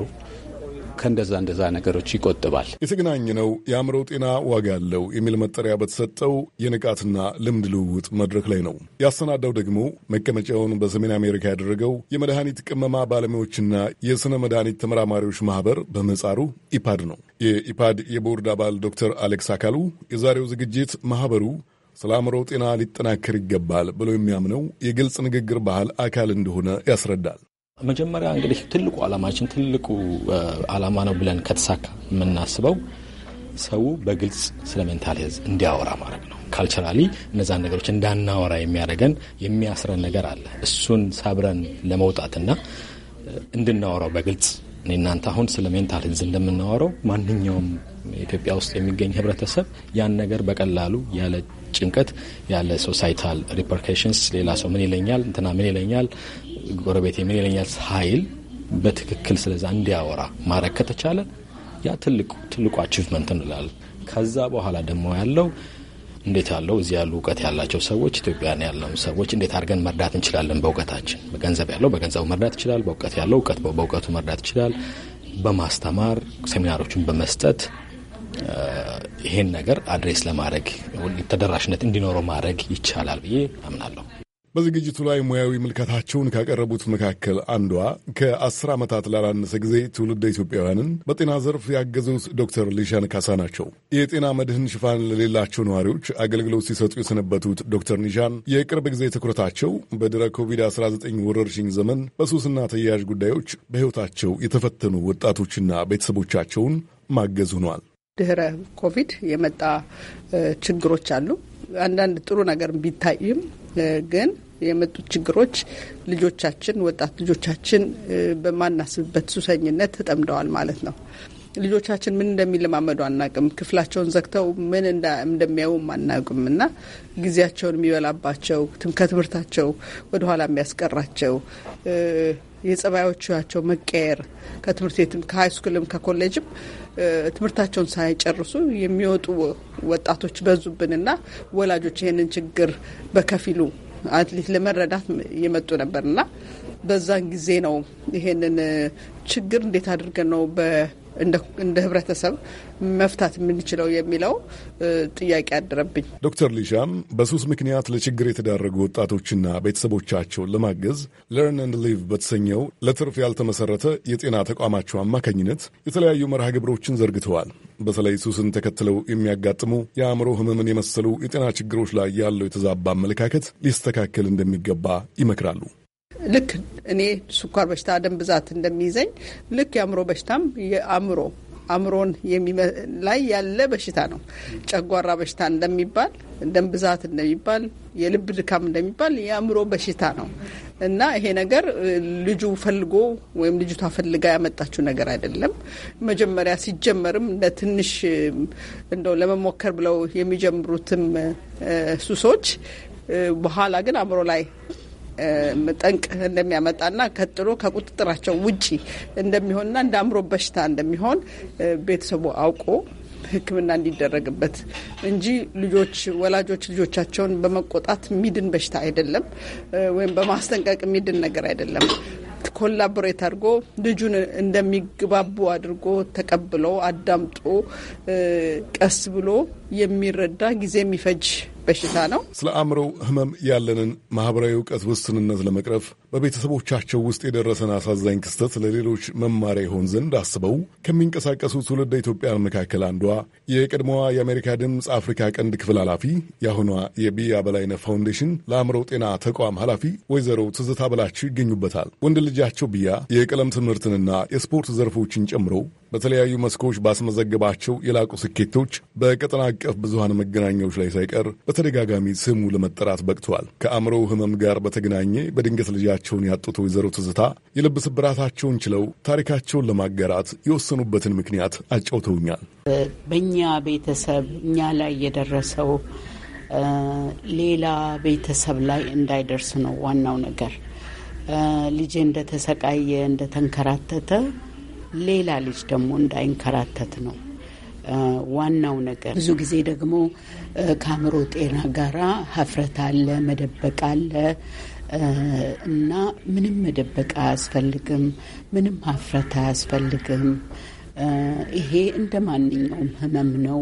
ከእንደዛ እንደዛ ነገሮች ይቆጥባል። የተገናኘ ነው የአእምሮ ጤና ዋጋ ያለው የሚል መጠሪያ በተሰጠው የንቃትና ልምድ ልውውጥ መድረክ ላይ ነው። ያሰናዳው ደግሞ መቀመጫውን በሰሜን አሜሪካ ያደረገው የመድኃኒት ቅመማ ባለሙያዎችና የሥነ መድኃኒት ተመራማሪዎች ማህበር በምህጻሩ ኢፓድ ነው። የኢፓድ የቦርድ አባል ዶክተር አሌክስ አካሉ የዛሬው ዝግጅት ማህበሩ ስለ አእምሮ ጤና ሊጠናከር ይገባል ብለው የሚያምነው የግልጽ ንግግር ባህል አካል እንደሆነ ያስረዳል። መጀመሪያ እንግዲህ ትልቁ ዓላማችን ትልቁ አላማ ነው ብለን ከተሳካ የምናስበው ሰው በግልጽ ስለ ሜንታል ሄዝ እንዲያወራ ማድረግ ነው። ካልቸራሊ እነዛን ነገሮች እንዳናወራ የሚያደርገን የሚያስረን ነገር አለ። እሱን ሰብረን ለመውጣትና እንድናወራው በግልጽ እናንተ አሁን ስለ ሜንታል ሄዝ እንደምናወራው ማንኛውም ኢትዮጵያ ውስጥ የሚገኝ ህብረተሰብ ያን ነገር በቀላሉ ያለ ጭንቀት ያለ ሶሳይታል ሪፐርኬሽንስ ሌላ ሰው ምን ይለኛል እንትና ምን ይለኛል ጎረቤት ምን ይለኛል ሳይል በትክክል ስለዛ እንዲያወራ ማድረግ ከተቻለ ያ ትልቁ አቺቭመንት እንላለን። ከዛ በኋላ ደግሞ ያለው እንዴት ያለው እዚህ ያሉ እውቀት ያላቸው ሰዎች ኢትዮጵያን ያለውን ሰዎች እንዴት አድርገን መርዳት እንችላለን? በእውቀታችን በገንዘብ ያለው በገንዘቡ መርዳት ይችላል። በእውቀት ያለው እውቀት በእውቀቱ መርዳት ይችላል። በማስተማር ሴሚናሮችን በመስጠት ይሄን ነገር አድሬስ ለማድረግ ተደራሽነት እንዲኖረው ማድረግ ይቻላል ብዬ አምናለሁ። በዝግጅቱ ላይ ሙያዊ ምልከታቸውን ካቀረቡት መካከል አንዷ ከአስር ዓመታት ላላነሰ ጊዜ ትውልደ ኢትዮጵያውያንን በጤና ዘርፍ ያገዙት ዶክተር ሊሻን ካሳ ናቸው። የጤና መድህን ሽፋን ለሌላቸው ነዋሪዎች አገልግሎት ሲሰጡ የሰነበቱት ዶክተር ኒሻን የቅርብ ጊዜ ትኩረታቸው በድረ ኮቪድ-19 ወረርሽኝ ዘመን በሱስና ተያያዥ ጉዳዮች በሕይወታቸው የተፈተኑ ወጣቶችና ቤተሰቦቻቸውን ማገዝ ሆኗል። ድህረ ኮቪድ የመጣ ችግሮች አሉ። አንዳንድ ጥሩ ነገር ቢታይም ግን የመጡት ችግሮች ልጆቻችን ወጣት ልጆቻችን በማናስብበት ሱሰኝነት ተጠምደዋል ማለት ነው። ልጆቻችን ምን እንደሚለማመዱ አናቅም። ክፍላቸውን ዘግተው ምን እንደሚያዩም አናቅም እና ጊዜያቸውን የሚበላባቸው ከትምህርታቸው ወደኋላ የሚያስቀራቸው የጸባዮቻቸው መቀየር ከትምህርት ቤትም ከሀይስኩልም ከኮሌጅም ትምህርታቸውን ሳይጨርሱ የሚወጡ ወጣቶች በዙብንና ወላጆች ይህንን ችግር በከፊሉ አትሌት ለመረዳት የመጡ ነበርና በዛን ጊዜ ነው ይሄንን ችግር እንዴት አድርገን ነው እንደ ህብረተሰብ መፍታት የምንችለው የሚለው ጥያቄ አደረብኝ። ዶክተር ሊሻም በሱስ ምክንያት ለችግር የተዳረጉ ወጣቶችና ቤተሰቦቻቸውን ለማገዝ ለርን ኤንድ ሊቭ በተሰኘው ለትርፍ ያልተመሰረተ የጤና ተቋማቸው አማካኝነት የተለያዩ መርሃ ግብሮችን ዘርግተዋል። በተለይ ሱስን ተከትለው የሚያጋጥሙ የአእምሮ ህመምን የመሰሉ የጤና ችግሮች ላይ ያለው የተዛባ አመለካከት ሊስተካከል እንደሚገባ ይመክራሉ። ልክ እኔ ስኳር በሽታ ደም ብዛት እንደሚይዘኝ ልክ የአእምሮ በሽታም የአእምሮ አእምሮን ላይ ያለ በሽታ ነው። ጨጓራ በሽታ እንደሚባል፣ ደም ብዛት እንደሚባል፣ የልብ ድካም እንደሚባል የአእምሮ በሽታ ነው እና ይሄ ነገር ልጁ ፈልጎ ወይም ልጅቷ ፈልጋ ያመጣችው ነገር አይደለም። መጀመሪያ ሲጀመርም እንደ ትንሽ እንደው ለመሞከር ብለው የሚጀምሩትም ሱሶች በኋላ ግን አእምሮ ላይ ጠንቅ እንደሚያመጣና ከጥሎ ከቁጥጥራቸው ውጪ እንደሚሆንና እንደ አእምሮ በሽታ እንደሚሆን ቤተሰቡ አውቆ ሕክምና እንዲደረግበት እንጂ ልጆች ወላጆች ልጆቻቸውን በመቆጣት የሚድን በሽታ አይደለም፣ ወይም በማስጠንቀቅ የሚድን ነገር አይደለም። ኮላቦሬት አድርጎ ልጁን እንደሚግባቡ አድርጎ ተቀብሎ አዳምጦ ቀስ ብሎ የሚረዳ ጊዜ የሚፈጅ በሽታ ነው። ስለ አእምሮ ህመም ያለንን ማህበራዊ እውቀት ውስንነት ለመቅረፍ በቤተሰቦቻቸው ውስጥ የደረሰን አሳዛኝ ክስተት ለሌሎች መማሪያ ይሆን ዘንድ አስበው ከሚንቀሳቀሱ ትውልደ ኢትዮጵያን መካከል አንዷ የቀድሞዋ የአሜሪካ ድምፅ አፍሪካ ቀንድ ክፍል ኃላፊ የአሁኗ የቢያ በላይነ ፋውንዴሽን ለአእምሮ ጤና ተቋም ኃላፊ ወይዘሮ ትዝታ በላቸው ይገኙበታል። ወንድ ልጃቸው ብያ የቀለም ትምህርትንና የስፖርት ዘርፎችን ጨምሮ በተለያዩ መስኮች ባስመዘገባቸው የላቁ ስኬቶች በቀጠና አቀፍ ብዙሃን መገናኛዎች ላይ ሳይቀር በተደጋጋሚ ስሙ ለመጠራት በቅተዋል። ከአእምሮ ህመም ጋር በተገናኘ በድንገት ልጃቸውን ያጡት ወይዘሮ ትዝታ የልብ ስብራታቸውን ችለው ታሪካቸውን ለማጋራት የወሰኑበትን ምክንያት አጫውተውኛል። በእኛ ቤተሰብ እኛ ላይ የደረሰው ሌላ ቤተሰብ ላይ እንዳይደርስ ነው ዋናው ነገር። ልጄ እንደተሰቃየ እንደተንከራተተ ሌላ ልጅ ደግሞ እንዳይንከራተት ነው ዋናው ነገር። ብዙ ጊዜ ደግሞ ከአእምሮ ጤና ጋራ ሀፍረት አለ፣ መደበቅ አለ እና ምንም መደበቅ አያስፈልግም፣ ምንም ሀፍረት አያስፈልግም። ይሄ እንደ ማንኛውም ህመም ነው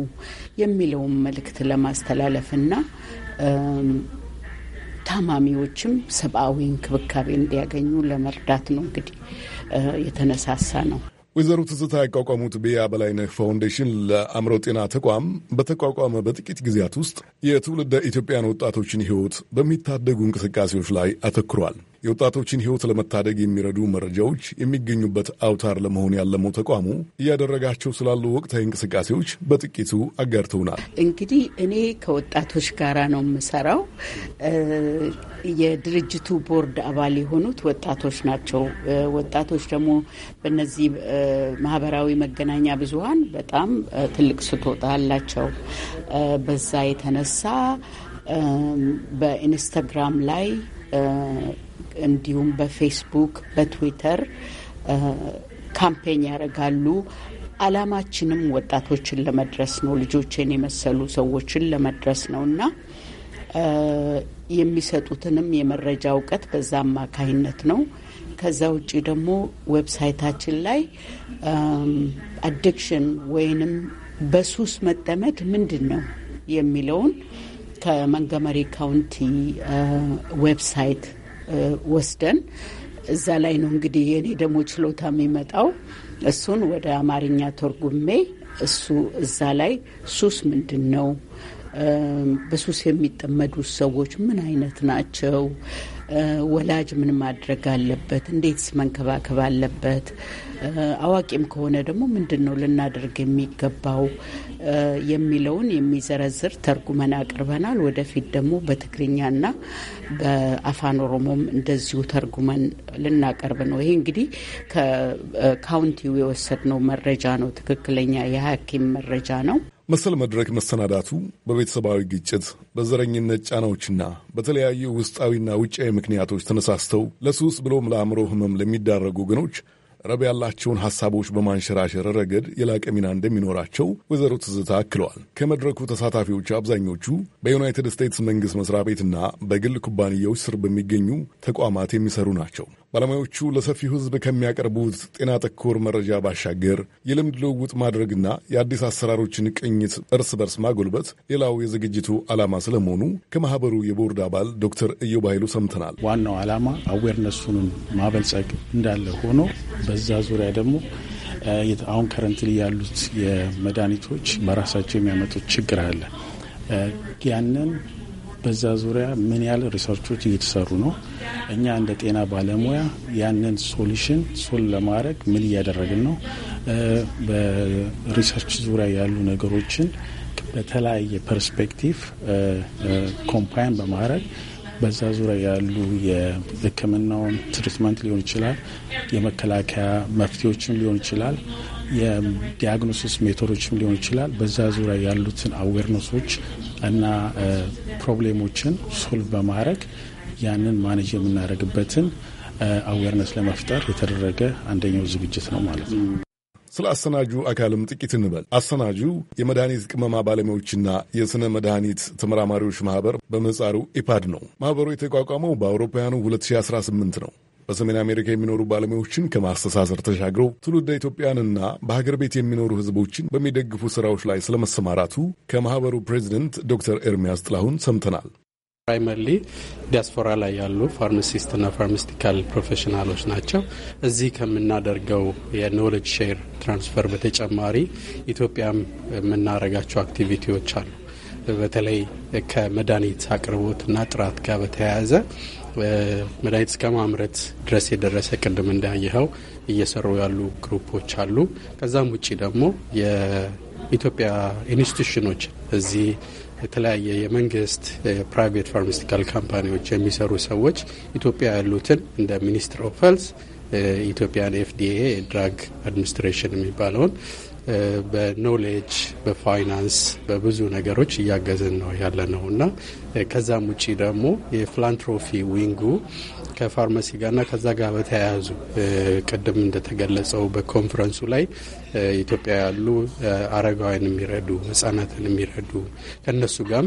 የሚለውን መልእክት ለማስተላለፍ እና ታማሚዎችም ሰብአዊ እንክብካቤ እንዲያገኙ ለመርዳት ነው እንግዲህ የተነሳሳ ነው። ወይዘሮ ትዝታ ያቋቋሙት ብያ በላይነህ ፋውንዴሽን ለአእምሮ ጤና ተቋም በተቋቋመ በጥቂት ጊዜያት ውስጥ የትውልደ ኢትዮጵያን ወጣቶችን ሕይወት በሚታደጉ እንቅስቃሴዎች ላይ አተኩሯል። የወጣቶችን ሕይወት ለመታደግ የሚረዱ መረጃዎች የሚገኙበት አውታር ለመሆን ያለመው ተቋሙ እያደረጋቸው ስላሉ ወቅታዊ እንቅስቃሴዎች በጥቂቱ አጋርተውናል። እንግዲህ እኔ ከወጣቶች ጋራ ነው የምሰራው። የድርጅቱ ቦርድ አባል የሆኑት ወጣቶች ናቸው። ወጣቶች ደግሞ በነዚህ ማህበራዊ መገናኛ ብዙኃን በጣም ትልቅ ስጦታ አላቸው። በዛ የተነሳ በኢንስተግራም ላይ እንዲሁም በፌስቡክ በትዊተር ካምፔን ያደርጋሉ። አላማችንም ወጣቶችን ለመድረስ ነው፣ ልጆችን የመሰሉ ሰዎችን ለመድረስ ነው እና የሚሰጡትንም የመረጃ እውቀት በዛ አማካይነት ነው። ከዛ ውጭ ደግሞ ዌብሳይታችን ላይ አዲክሽን ወይንም በሱስ መጠመድ ምንድን ነው የሚለውን ከመንገመሪ ካውንቲ ዌብሳይት ወስደን እዛ ላይ ነው እንግዲህ የኔ ደግሞ ችሎታ የሚመጣው። እሱን ወደ አማርኛ ተርጉሜ እሱ እዛ ላይ ሱስ ምንድን ነው፣ በሱስ የሚጠመዱ ሰዎች ምን አይነት ናቸው፣ ወላጅ ምን ማድረግ አለበት፣ እንዴትስ መንከባከብ አለበት አዋቂም ከሆነ ደግሞ ምንድን ነው ልናደርግ የሚገባው የሚለውን የሚዘረዝር ተርጉመን አቅርበናል። ወደፊት ደግሞ በትግርኛና በአፋን ኦሮሞም እንደዚሁ ተርጉመን ልናቀርብ ነው። ይሄ እንግዲህ ከካውንቲው የወሰድነው መረጃ ነው። ትክክለኛ የሐኪም መረጃ ነው። መሰል መድረክ መሰናዳቱ በቤተሰባዊ ግጭት፣ በዘረኝነት ጫናዎችና በተለያዩ ውስጣዊና ውጫዊ ምክንያቶች ተነሳስተው ለሱስ ብሎም ለአእምሮ ሕመም ለሚዳረጉ ወገኖች ረብ ያላቸውን ሀሳቦች በማንሸራሸር ረገድ የላቀ ሚና እንደሚኖራቸው ወይዘሮ ትዝታ አክለዋል። ከመድረኩ ተሳታፊዎች አብዛኞቹ በዩናይትድ ስቴትስ መንግስት መስሪያ ቤትና በግል ኩባንያዎች ስር በሚገኙ ተቋማት የሚሰሩ ናቸው። ባለሙያዎቹ ለሰፊው ሕዝብ ከሚያቀርቡት ጤና ተኮር መረጃ ባሻገር የልምድ ልውውጥ ማድረግና የአዲስ አሰራሮችን ቅኝት እርስ በርስ ማጎልበት ሌላው የዝግጅቱ ዓላማ ስለመሆኑ ከማህበሩ የቦርድ አባል ዶክተር እዮብ ኃይሉ ሰምተናል። ዋናው ዓላማ አዌርነሱንም ማበልጸግ እንዳለ ሆኖ በዛ ዙሪያ ደግሞ አሁን ከረንትሊ ያሉት የመድኃኒቶች በራሳቸው የሚያመጡት ችግር አለ ያንን በዛ ዙሪያ ምን ያህል ሪሰርቾች እየተሰሩ ነው? እኛ እንደ ጤና ባለሙያ ያንን ሶሉሽን ሶል ለማድረግ ምን እያደረግን ነው? በሪሰርች ዙሪያ ያሉ ነገሮችን በተለያየ ፐርስፔክቲቭ ኮምፓይን በማድረግ በዛ ዙሪያ ያሉ የሕክምናውን ትሪትመንት ሊሆን ይችላል፣ የመከላከያ መፍትሄዎችም ሊሆን ይችላል፣ የዲያግኖሲስ ሜቶዶችም ሊሆን ይችላል። በዛ ዙሪያ ያሉትን አዌርነሶች እና ፕሮብሌሞችን ሶልቭ በማድረግ ያንን ማኔጅ የምናደርግበትን አዌርነስ ለመፍጠር የተደረገ አንደኛው ዝግጅት ነው ማለት ነው። ስለ አሰናጁ አካልም ጥቂት እንበል። አሰናጁ የመድኃኒት ቅመማ ባለሙያዎችና የሥነ መድኃኒት ተመራማሪዎች ማኅበር በምህጻሩ ኢፓድ ነው። ማኅበሩ የተቋቋመው በአውሮፓውያኑ 2018 ነው። በሰሜን አሜሪካ የሚኖሩ ባለሙያዎችን ከማስተሳሰር ተሻግሮ ትውልደ ኢትዮጵያንና በሀገር ቤት የሚኖሩ ህዝቦችን በሚደግፉ ስራዎች ላይ ስለመሰማራቱ ከማህበሩ ፕሬዚደንት ዶክተር ኤርሚያስ ጥላሁን ሰምተናል። ፕራይመርሊ ዲያስፖራ ላይ ያሉ ፋርማሲስትና ፋርማስቲካል ፕሮፌሽናሎች ናቸው። እዚህ ከምናደርገው የኖሌጅ ሼር ትራንስፈር በተጨማሪ ኢትዮጵያም የምናደርጋቸው አክቲቪቲዎች አሉ። በተለይ ከመድኃኒት አቅርቦትና ጥራት ጋር በተያያዘ መድኃኒት እስከ ማምረት ድረስ የደረሰ ቅድም እንዳየኸው እየሰሩ ያሉ ግሩፖች አሉ። ከዛም ውጭ ደግሞ የኢትዮጵያ ኢንስቲቱሽኖች እዚህ የተለያየ የመንግስት ፕራይቬት ፋርማስቲካል ካምፓኒዎች የሚሰሩ ሰዎች ኢትዮጵያ ያሉትን እንደ ሚኒስትር ኦፍ ሄልዝ ኢትዮጵያን ኤፍዲኤ ድራግ አድሚኒስትሬሽን የሚባለውን በኖሌጅ በፋይናንስ በብዙ ነገሮች እያገዝን ነው ያለ ነው እና ከዛም ውጭ ደግሞ የፊላንትሮፊ ዊንጉ ከፋርማሲ ጋርና ከዛ ጋር በተያያዙ ቅድም እንደተገለጸው በኮንፈረንሱ ላይ ኢትዮጵያ ያሉ አረጋውያን የሚረዱ ህጻናትን የሚረዱ ከእነሱ ጋም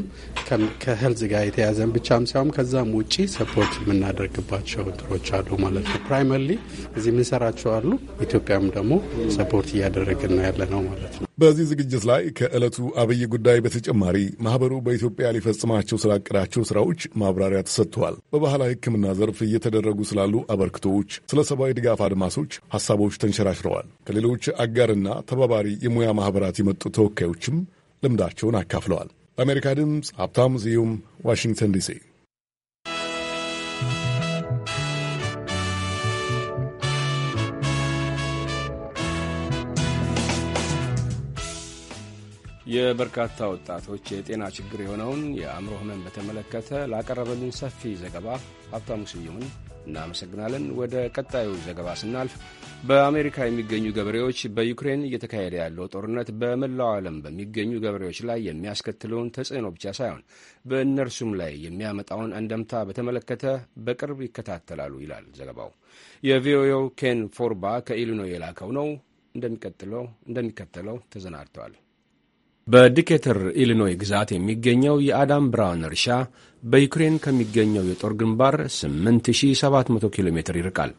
ከህልዝ ጋር የተያያዘን ብቻም ሳይሆን ከዛም ውጪ ሰፖርት የምናደርግባቸው እንትሮች አሉ ማለት ነው። ፕራይመርሊ እዚህ የምንሰራቸው አሉ። ኢትዮጵያም ደግሞ ሰፖርት እያደረግን ነው ያለ ነው ማለት ነው። በዚህ ዝግጅት ላይ ከዕለቱ አብይ ጉዳይ በተጨማሪ ማህበሩ በኢትዮጵያ ሊፈጽማቸው ስላቀዳቸው ስራዎች ማብራሪያ ተሰጥተዋል። በባህላዊ ሕክምና ዘርፍ እየተደረጉ ስላሉ አበርክቶዎች፣ ስለ ሰብአዊ ድጋፍ አድማሶች ሀሳቦች ተንሸራሽረዋል። ከሌሎች አጋርና ተባባሪ የሙያ ማህበራት የመጡ ተወካዮችም ልምዳቸውን አካፍለዋል። ለአሜሪካ ድምፅ ሀብታሙ ስዩም ዋሽንግተን ዲሲ የበርካታ ወጣቶች የጤና ችግር የሆነውን የአእምሮ ህመም በተመለከተ ላቀረበልን ሰፊ ዘገባ ሀብታሙ ስዩምን እናመሰግናለን። ወደ ቀጣዩ ዘገባ ስናልፍ በአሜሪካ የሚገኙ ገበሬዎች በዩክሬን እየተካሄደ ያለው ጦርነት በመላው ዓለም በሚገኙ ገበሬዎች ላይ የሚያስከትለውን ተጽዕኖ ብቻ ሳይሆን በእነርሱም ላይ የሚያመጣውን አንደምታ በተመለከተ በቅርብ ይከታተላሉ ይላል ዘገባው። የቪኦኤው ኬን ፎርባ ከኢሊኖይ የላከው ነው። እንደሚቀጥለው እንደሚከተለው ተሰናድተዋል። በዲኬተር ኢሊኖይ ግዛት የሚገኘው የአዳም ብራውን እርሻ በዩክሬን ከሚገኘው የጦር ግንባር 8700 ኪሎ ሜትር ይርቃል።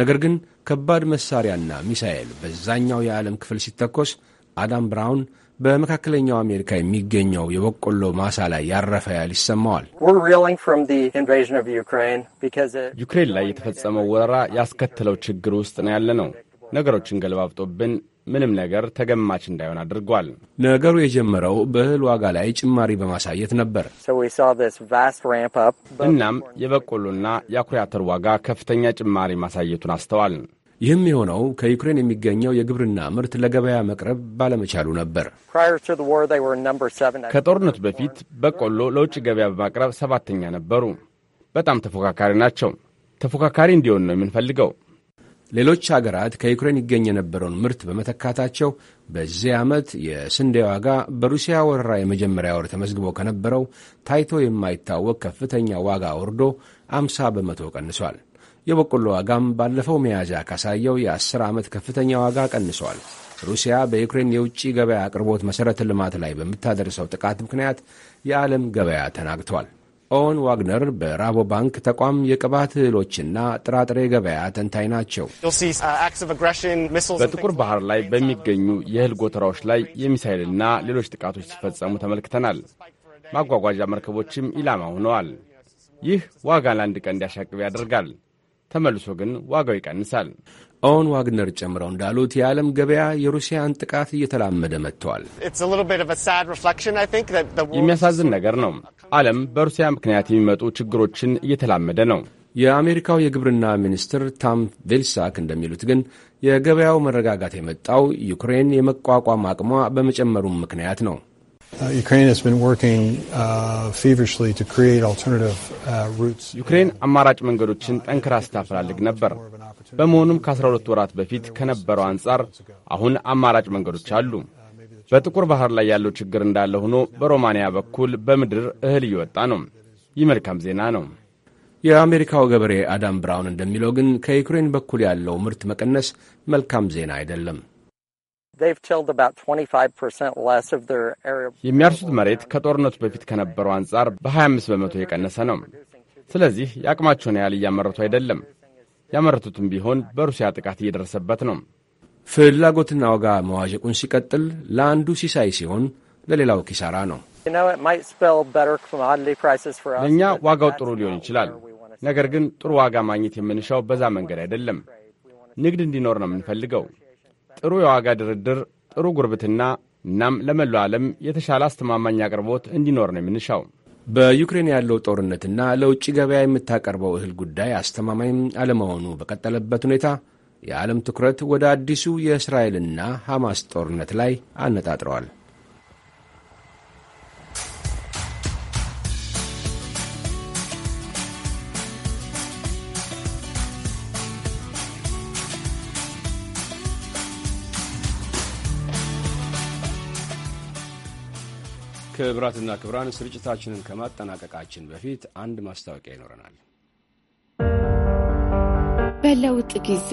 ነገር ግን ከባድ መሣሪያና ሚሳኤል በዛኛው የዓለም ክፍል ሲተኮስ አዳም ብራውን በመካከለኛው አሜሪካ የሚገኘው የበቆሎ ማሳ ላይ ያረፈ ያል ይሰማዋል። ዩክሬን ላይ የተፈጸመው ወረራ ያስከተለው ችግር ውስጥ ነው ያለ ነው። ነገሮችን ገለባብጦብን ምንም ነገር ተገማች እንዳይሆን አድርጓል። ነገሩ የጀመረው በእህል ዋጋ ላይ ጭማሪ በማሳየት ነበር። እናም የበቆሎና የአኩሪ አተር ዋጋ ከፍተኛ ጭማሪ ማሳየቱን አስተዋል። ይህም የሆነው ከዩክሬን የሚገኘው የግብርና ምርት ለገበያ መቅረብ ባለመቻሉ ነበር። ከጦርነቱ በፊት በቆሎ ለውጭ ገበያ በማቅረብ ሰባተኛ ነበሩ። በጣም ተፎካካሪ ናቸው። ተፎካካሪ እንዲሆን ነው የምንፈልገው። ሌሎች አገራት ከዩክሬን ይገኝ የነበረውን ምርት በመተካታቸው በዚህ ዓመት የስንዴ ዋጋ በሩሲያ ወረራ የመጀመሪያ ወር ተመዝግቦ ከነበረው ታይቶ የማይታወቅ ከፍተኛ ዋጋ ወርዶ 50 በመቶ ቀንሷል። የበቆሎ ዋጋም ባለፈው ሚያዝያ ካሳየው የ10 ዓመት ከፍተኛ ዋጋ ቀንሷል። ሩሲያ በዩክሬን የውጭ ገበያ አቅርቦት መሠረተ ልማት ላይ በምታደርሰው ጥቃት ምክንያት የዓለም ገበያ ተናግቷል። ኦን ዋግነር ባንክ ተቋም የቅባት እህሎችና ጥራጥሬ ገበያ ተንታኝ ናቸው። uh, በጥቁር ባህር ላይ በሚገኙ የእህል ጎተራዎች ላይ የሚሳይልና ሌሎች ጥቃቶች ሲፈጸሙ ተመልክተናል። ማጓጓዣ መርከቦችም ኢላማ ሆነዋል። ይህ ዋጋ ለአንድ ቀን እንዲያሻቅብ ያደርጋል። ተመልሶ ግን ዋጋው ይቀንሳል። ኦን ዋግነር ጨምረው እንዳሉት የዓለም ገበያ የሩሲያን ጥቃት እየተላመደ መጥተዋል። የሚያሳዝን ነገር ነው። ዓለም በሩሲያ ምክንያት የሚመጡ ችግሮችን እየተላመደ ነው። የአሜሪካው የግብርና ሚኒስትር ታም ቬልሳክ እንደሚሉት ግን የገበያው መረጋጋት የመጣው ዩክሬን የመቋቋም አቅሟ በመጨመሩም ምክንያት ነው። ዩክሬን uh, uh, አማራጭ መንገዶችን ጠንክራ ስታፈላልግ ነበር። በመሆኑም ከ12 ወራት በፊት ከነበረው አንጻር አሁን አማራጭ መንገዶች አሉ። በጥቁር ባህር ላይ ያለው ችግር እንዳለ ሆኖ በሮማንያ በኩል በምድር እህል እየወጣ ነው። ይህ መልካም ዜና ነው። የአሜሪካው ገበሬ አዳም ብራውን እንደሚለው ግን ከዩክሬን በኩል ያለው ምርት መቀነስ መልካም ዜና አይደለም። የሚያርሱት መሬት ከጦርነቱ በፊት ከነበረው አንጻር በ25 በመቶ የቀነሰ ነው። ስለዚህ የአቅማቸውን ያህል እያመረቱ አይደለም። ያመረቱትም ቢሆን በሩሲያ ጥቃት እየደረሰበት ነው። ፍላጎትና ዋጋ መዋዠቁን ሲቀጥል ለአንዱ ሲሳይ ሲሆን፣ ለሌላው ኪሳራ ነው። ለእኛ ዋጋው ጥሩ ሊሆን ይችላል። ነገር ግን ጥሩ ዋጋ ማግኘት የምንሻው በዛ መንገድ አይደለም። ንግድ እንዲኖር ነው የምንፈልገው። ጥሩ የዋጋ ድርድር፣ ጥሩ ጉርብትና፣ እናም ለመላው ዓለም የተሻለ አስተማማኝ አቅርቦት እንዲኖር ነው የምንሻው። በዩክሬን ያለው ጦርነትና ለውጭ ገበያ የምታቀርበው እህል ጉዳይ አስተማማኝ አለመሆኑ በቀጠለበት ሁኔታ የዓለም ትኩረት ወደ አዲሱ የእስራኤልና ሐማስ ጦርነት ላይ አነጣጥረዋል። ክብራትና ክብራን ስርጭታችንን ከማጠናቀቃችን በፊት አንድ ማስታወቂያ ይኖረናል። በለውጥ ጊዜ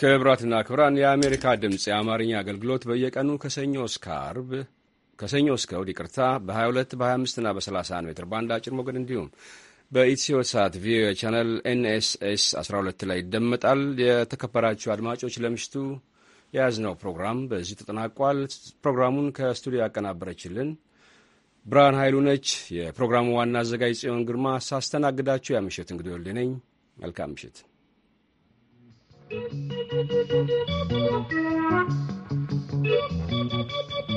ክብራትና ክብራን የአሜሪካ ድምፅ የአማርኛ አገልግሎት በየቀኑ ከሰኞ እስከ አርብ ከሰኞ እስከ እሁድ ይቅርታ በ22 በ25 ና በ31 ሜትር ባንድ አጭር ሞገድ እንዲሁም በኢትዮ ሳት ቪኦኤ ቻናል ኤንኤስኤስ 12 ላይ ይደመጣል። የተከበራችሁ አድማጮች ለምሽቱ የያዝነው ፕሮግራም በዚህ ተጠናቋል። ፕሮግራሙን ከስቱዲዮ ያቀናበረችልን ብርሃን ኃይሉ ነች። የፕሮግራሙ ዋና አዘጋጅ ጽዮን ግርማ ሳስተናግዳችሁ ያምሽት እንግዲህ ወልዴ ነኝ። መልካም ምሽት። Thank you.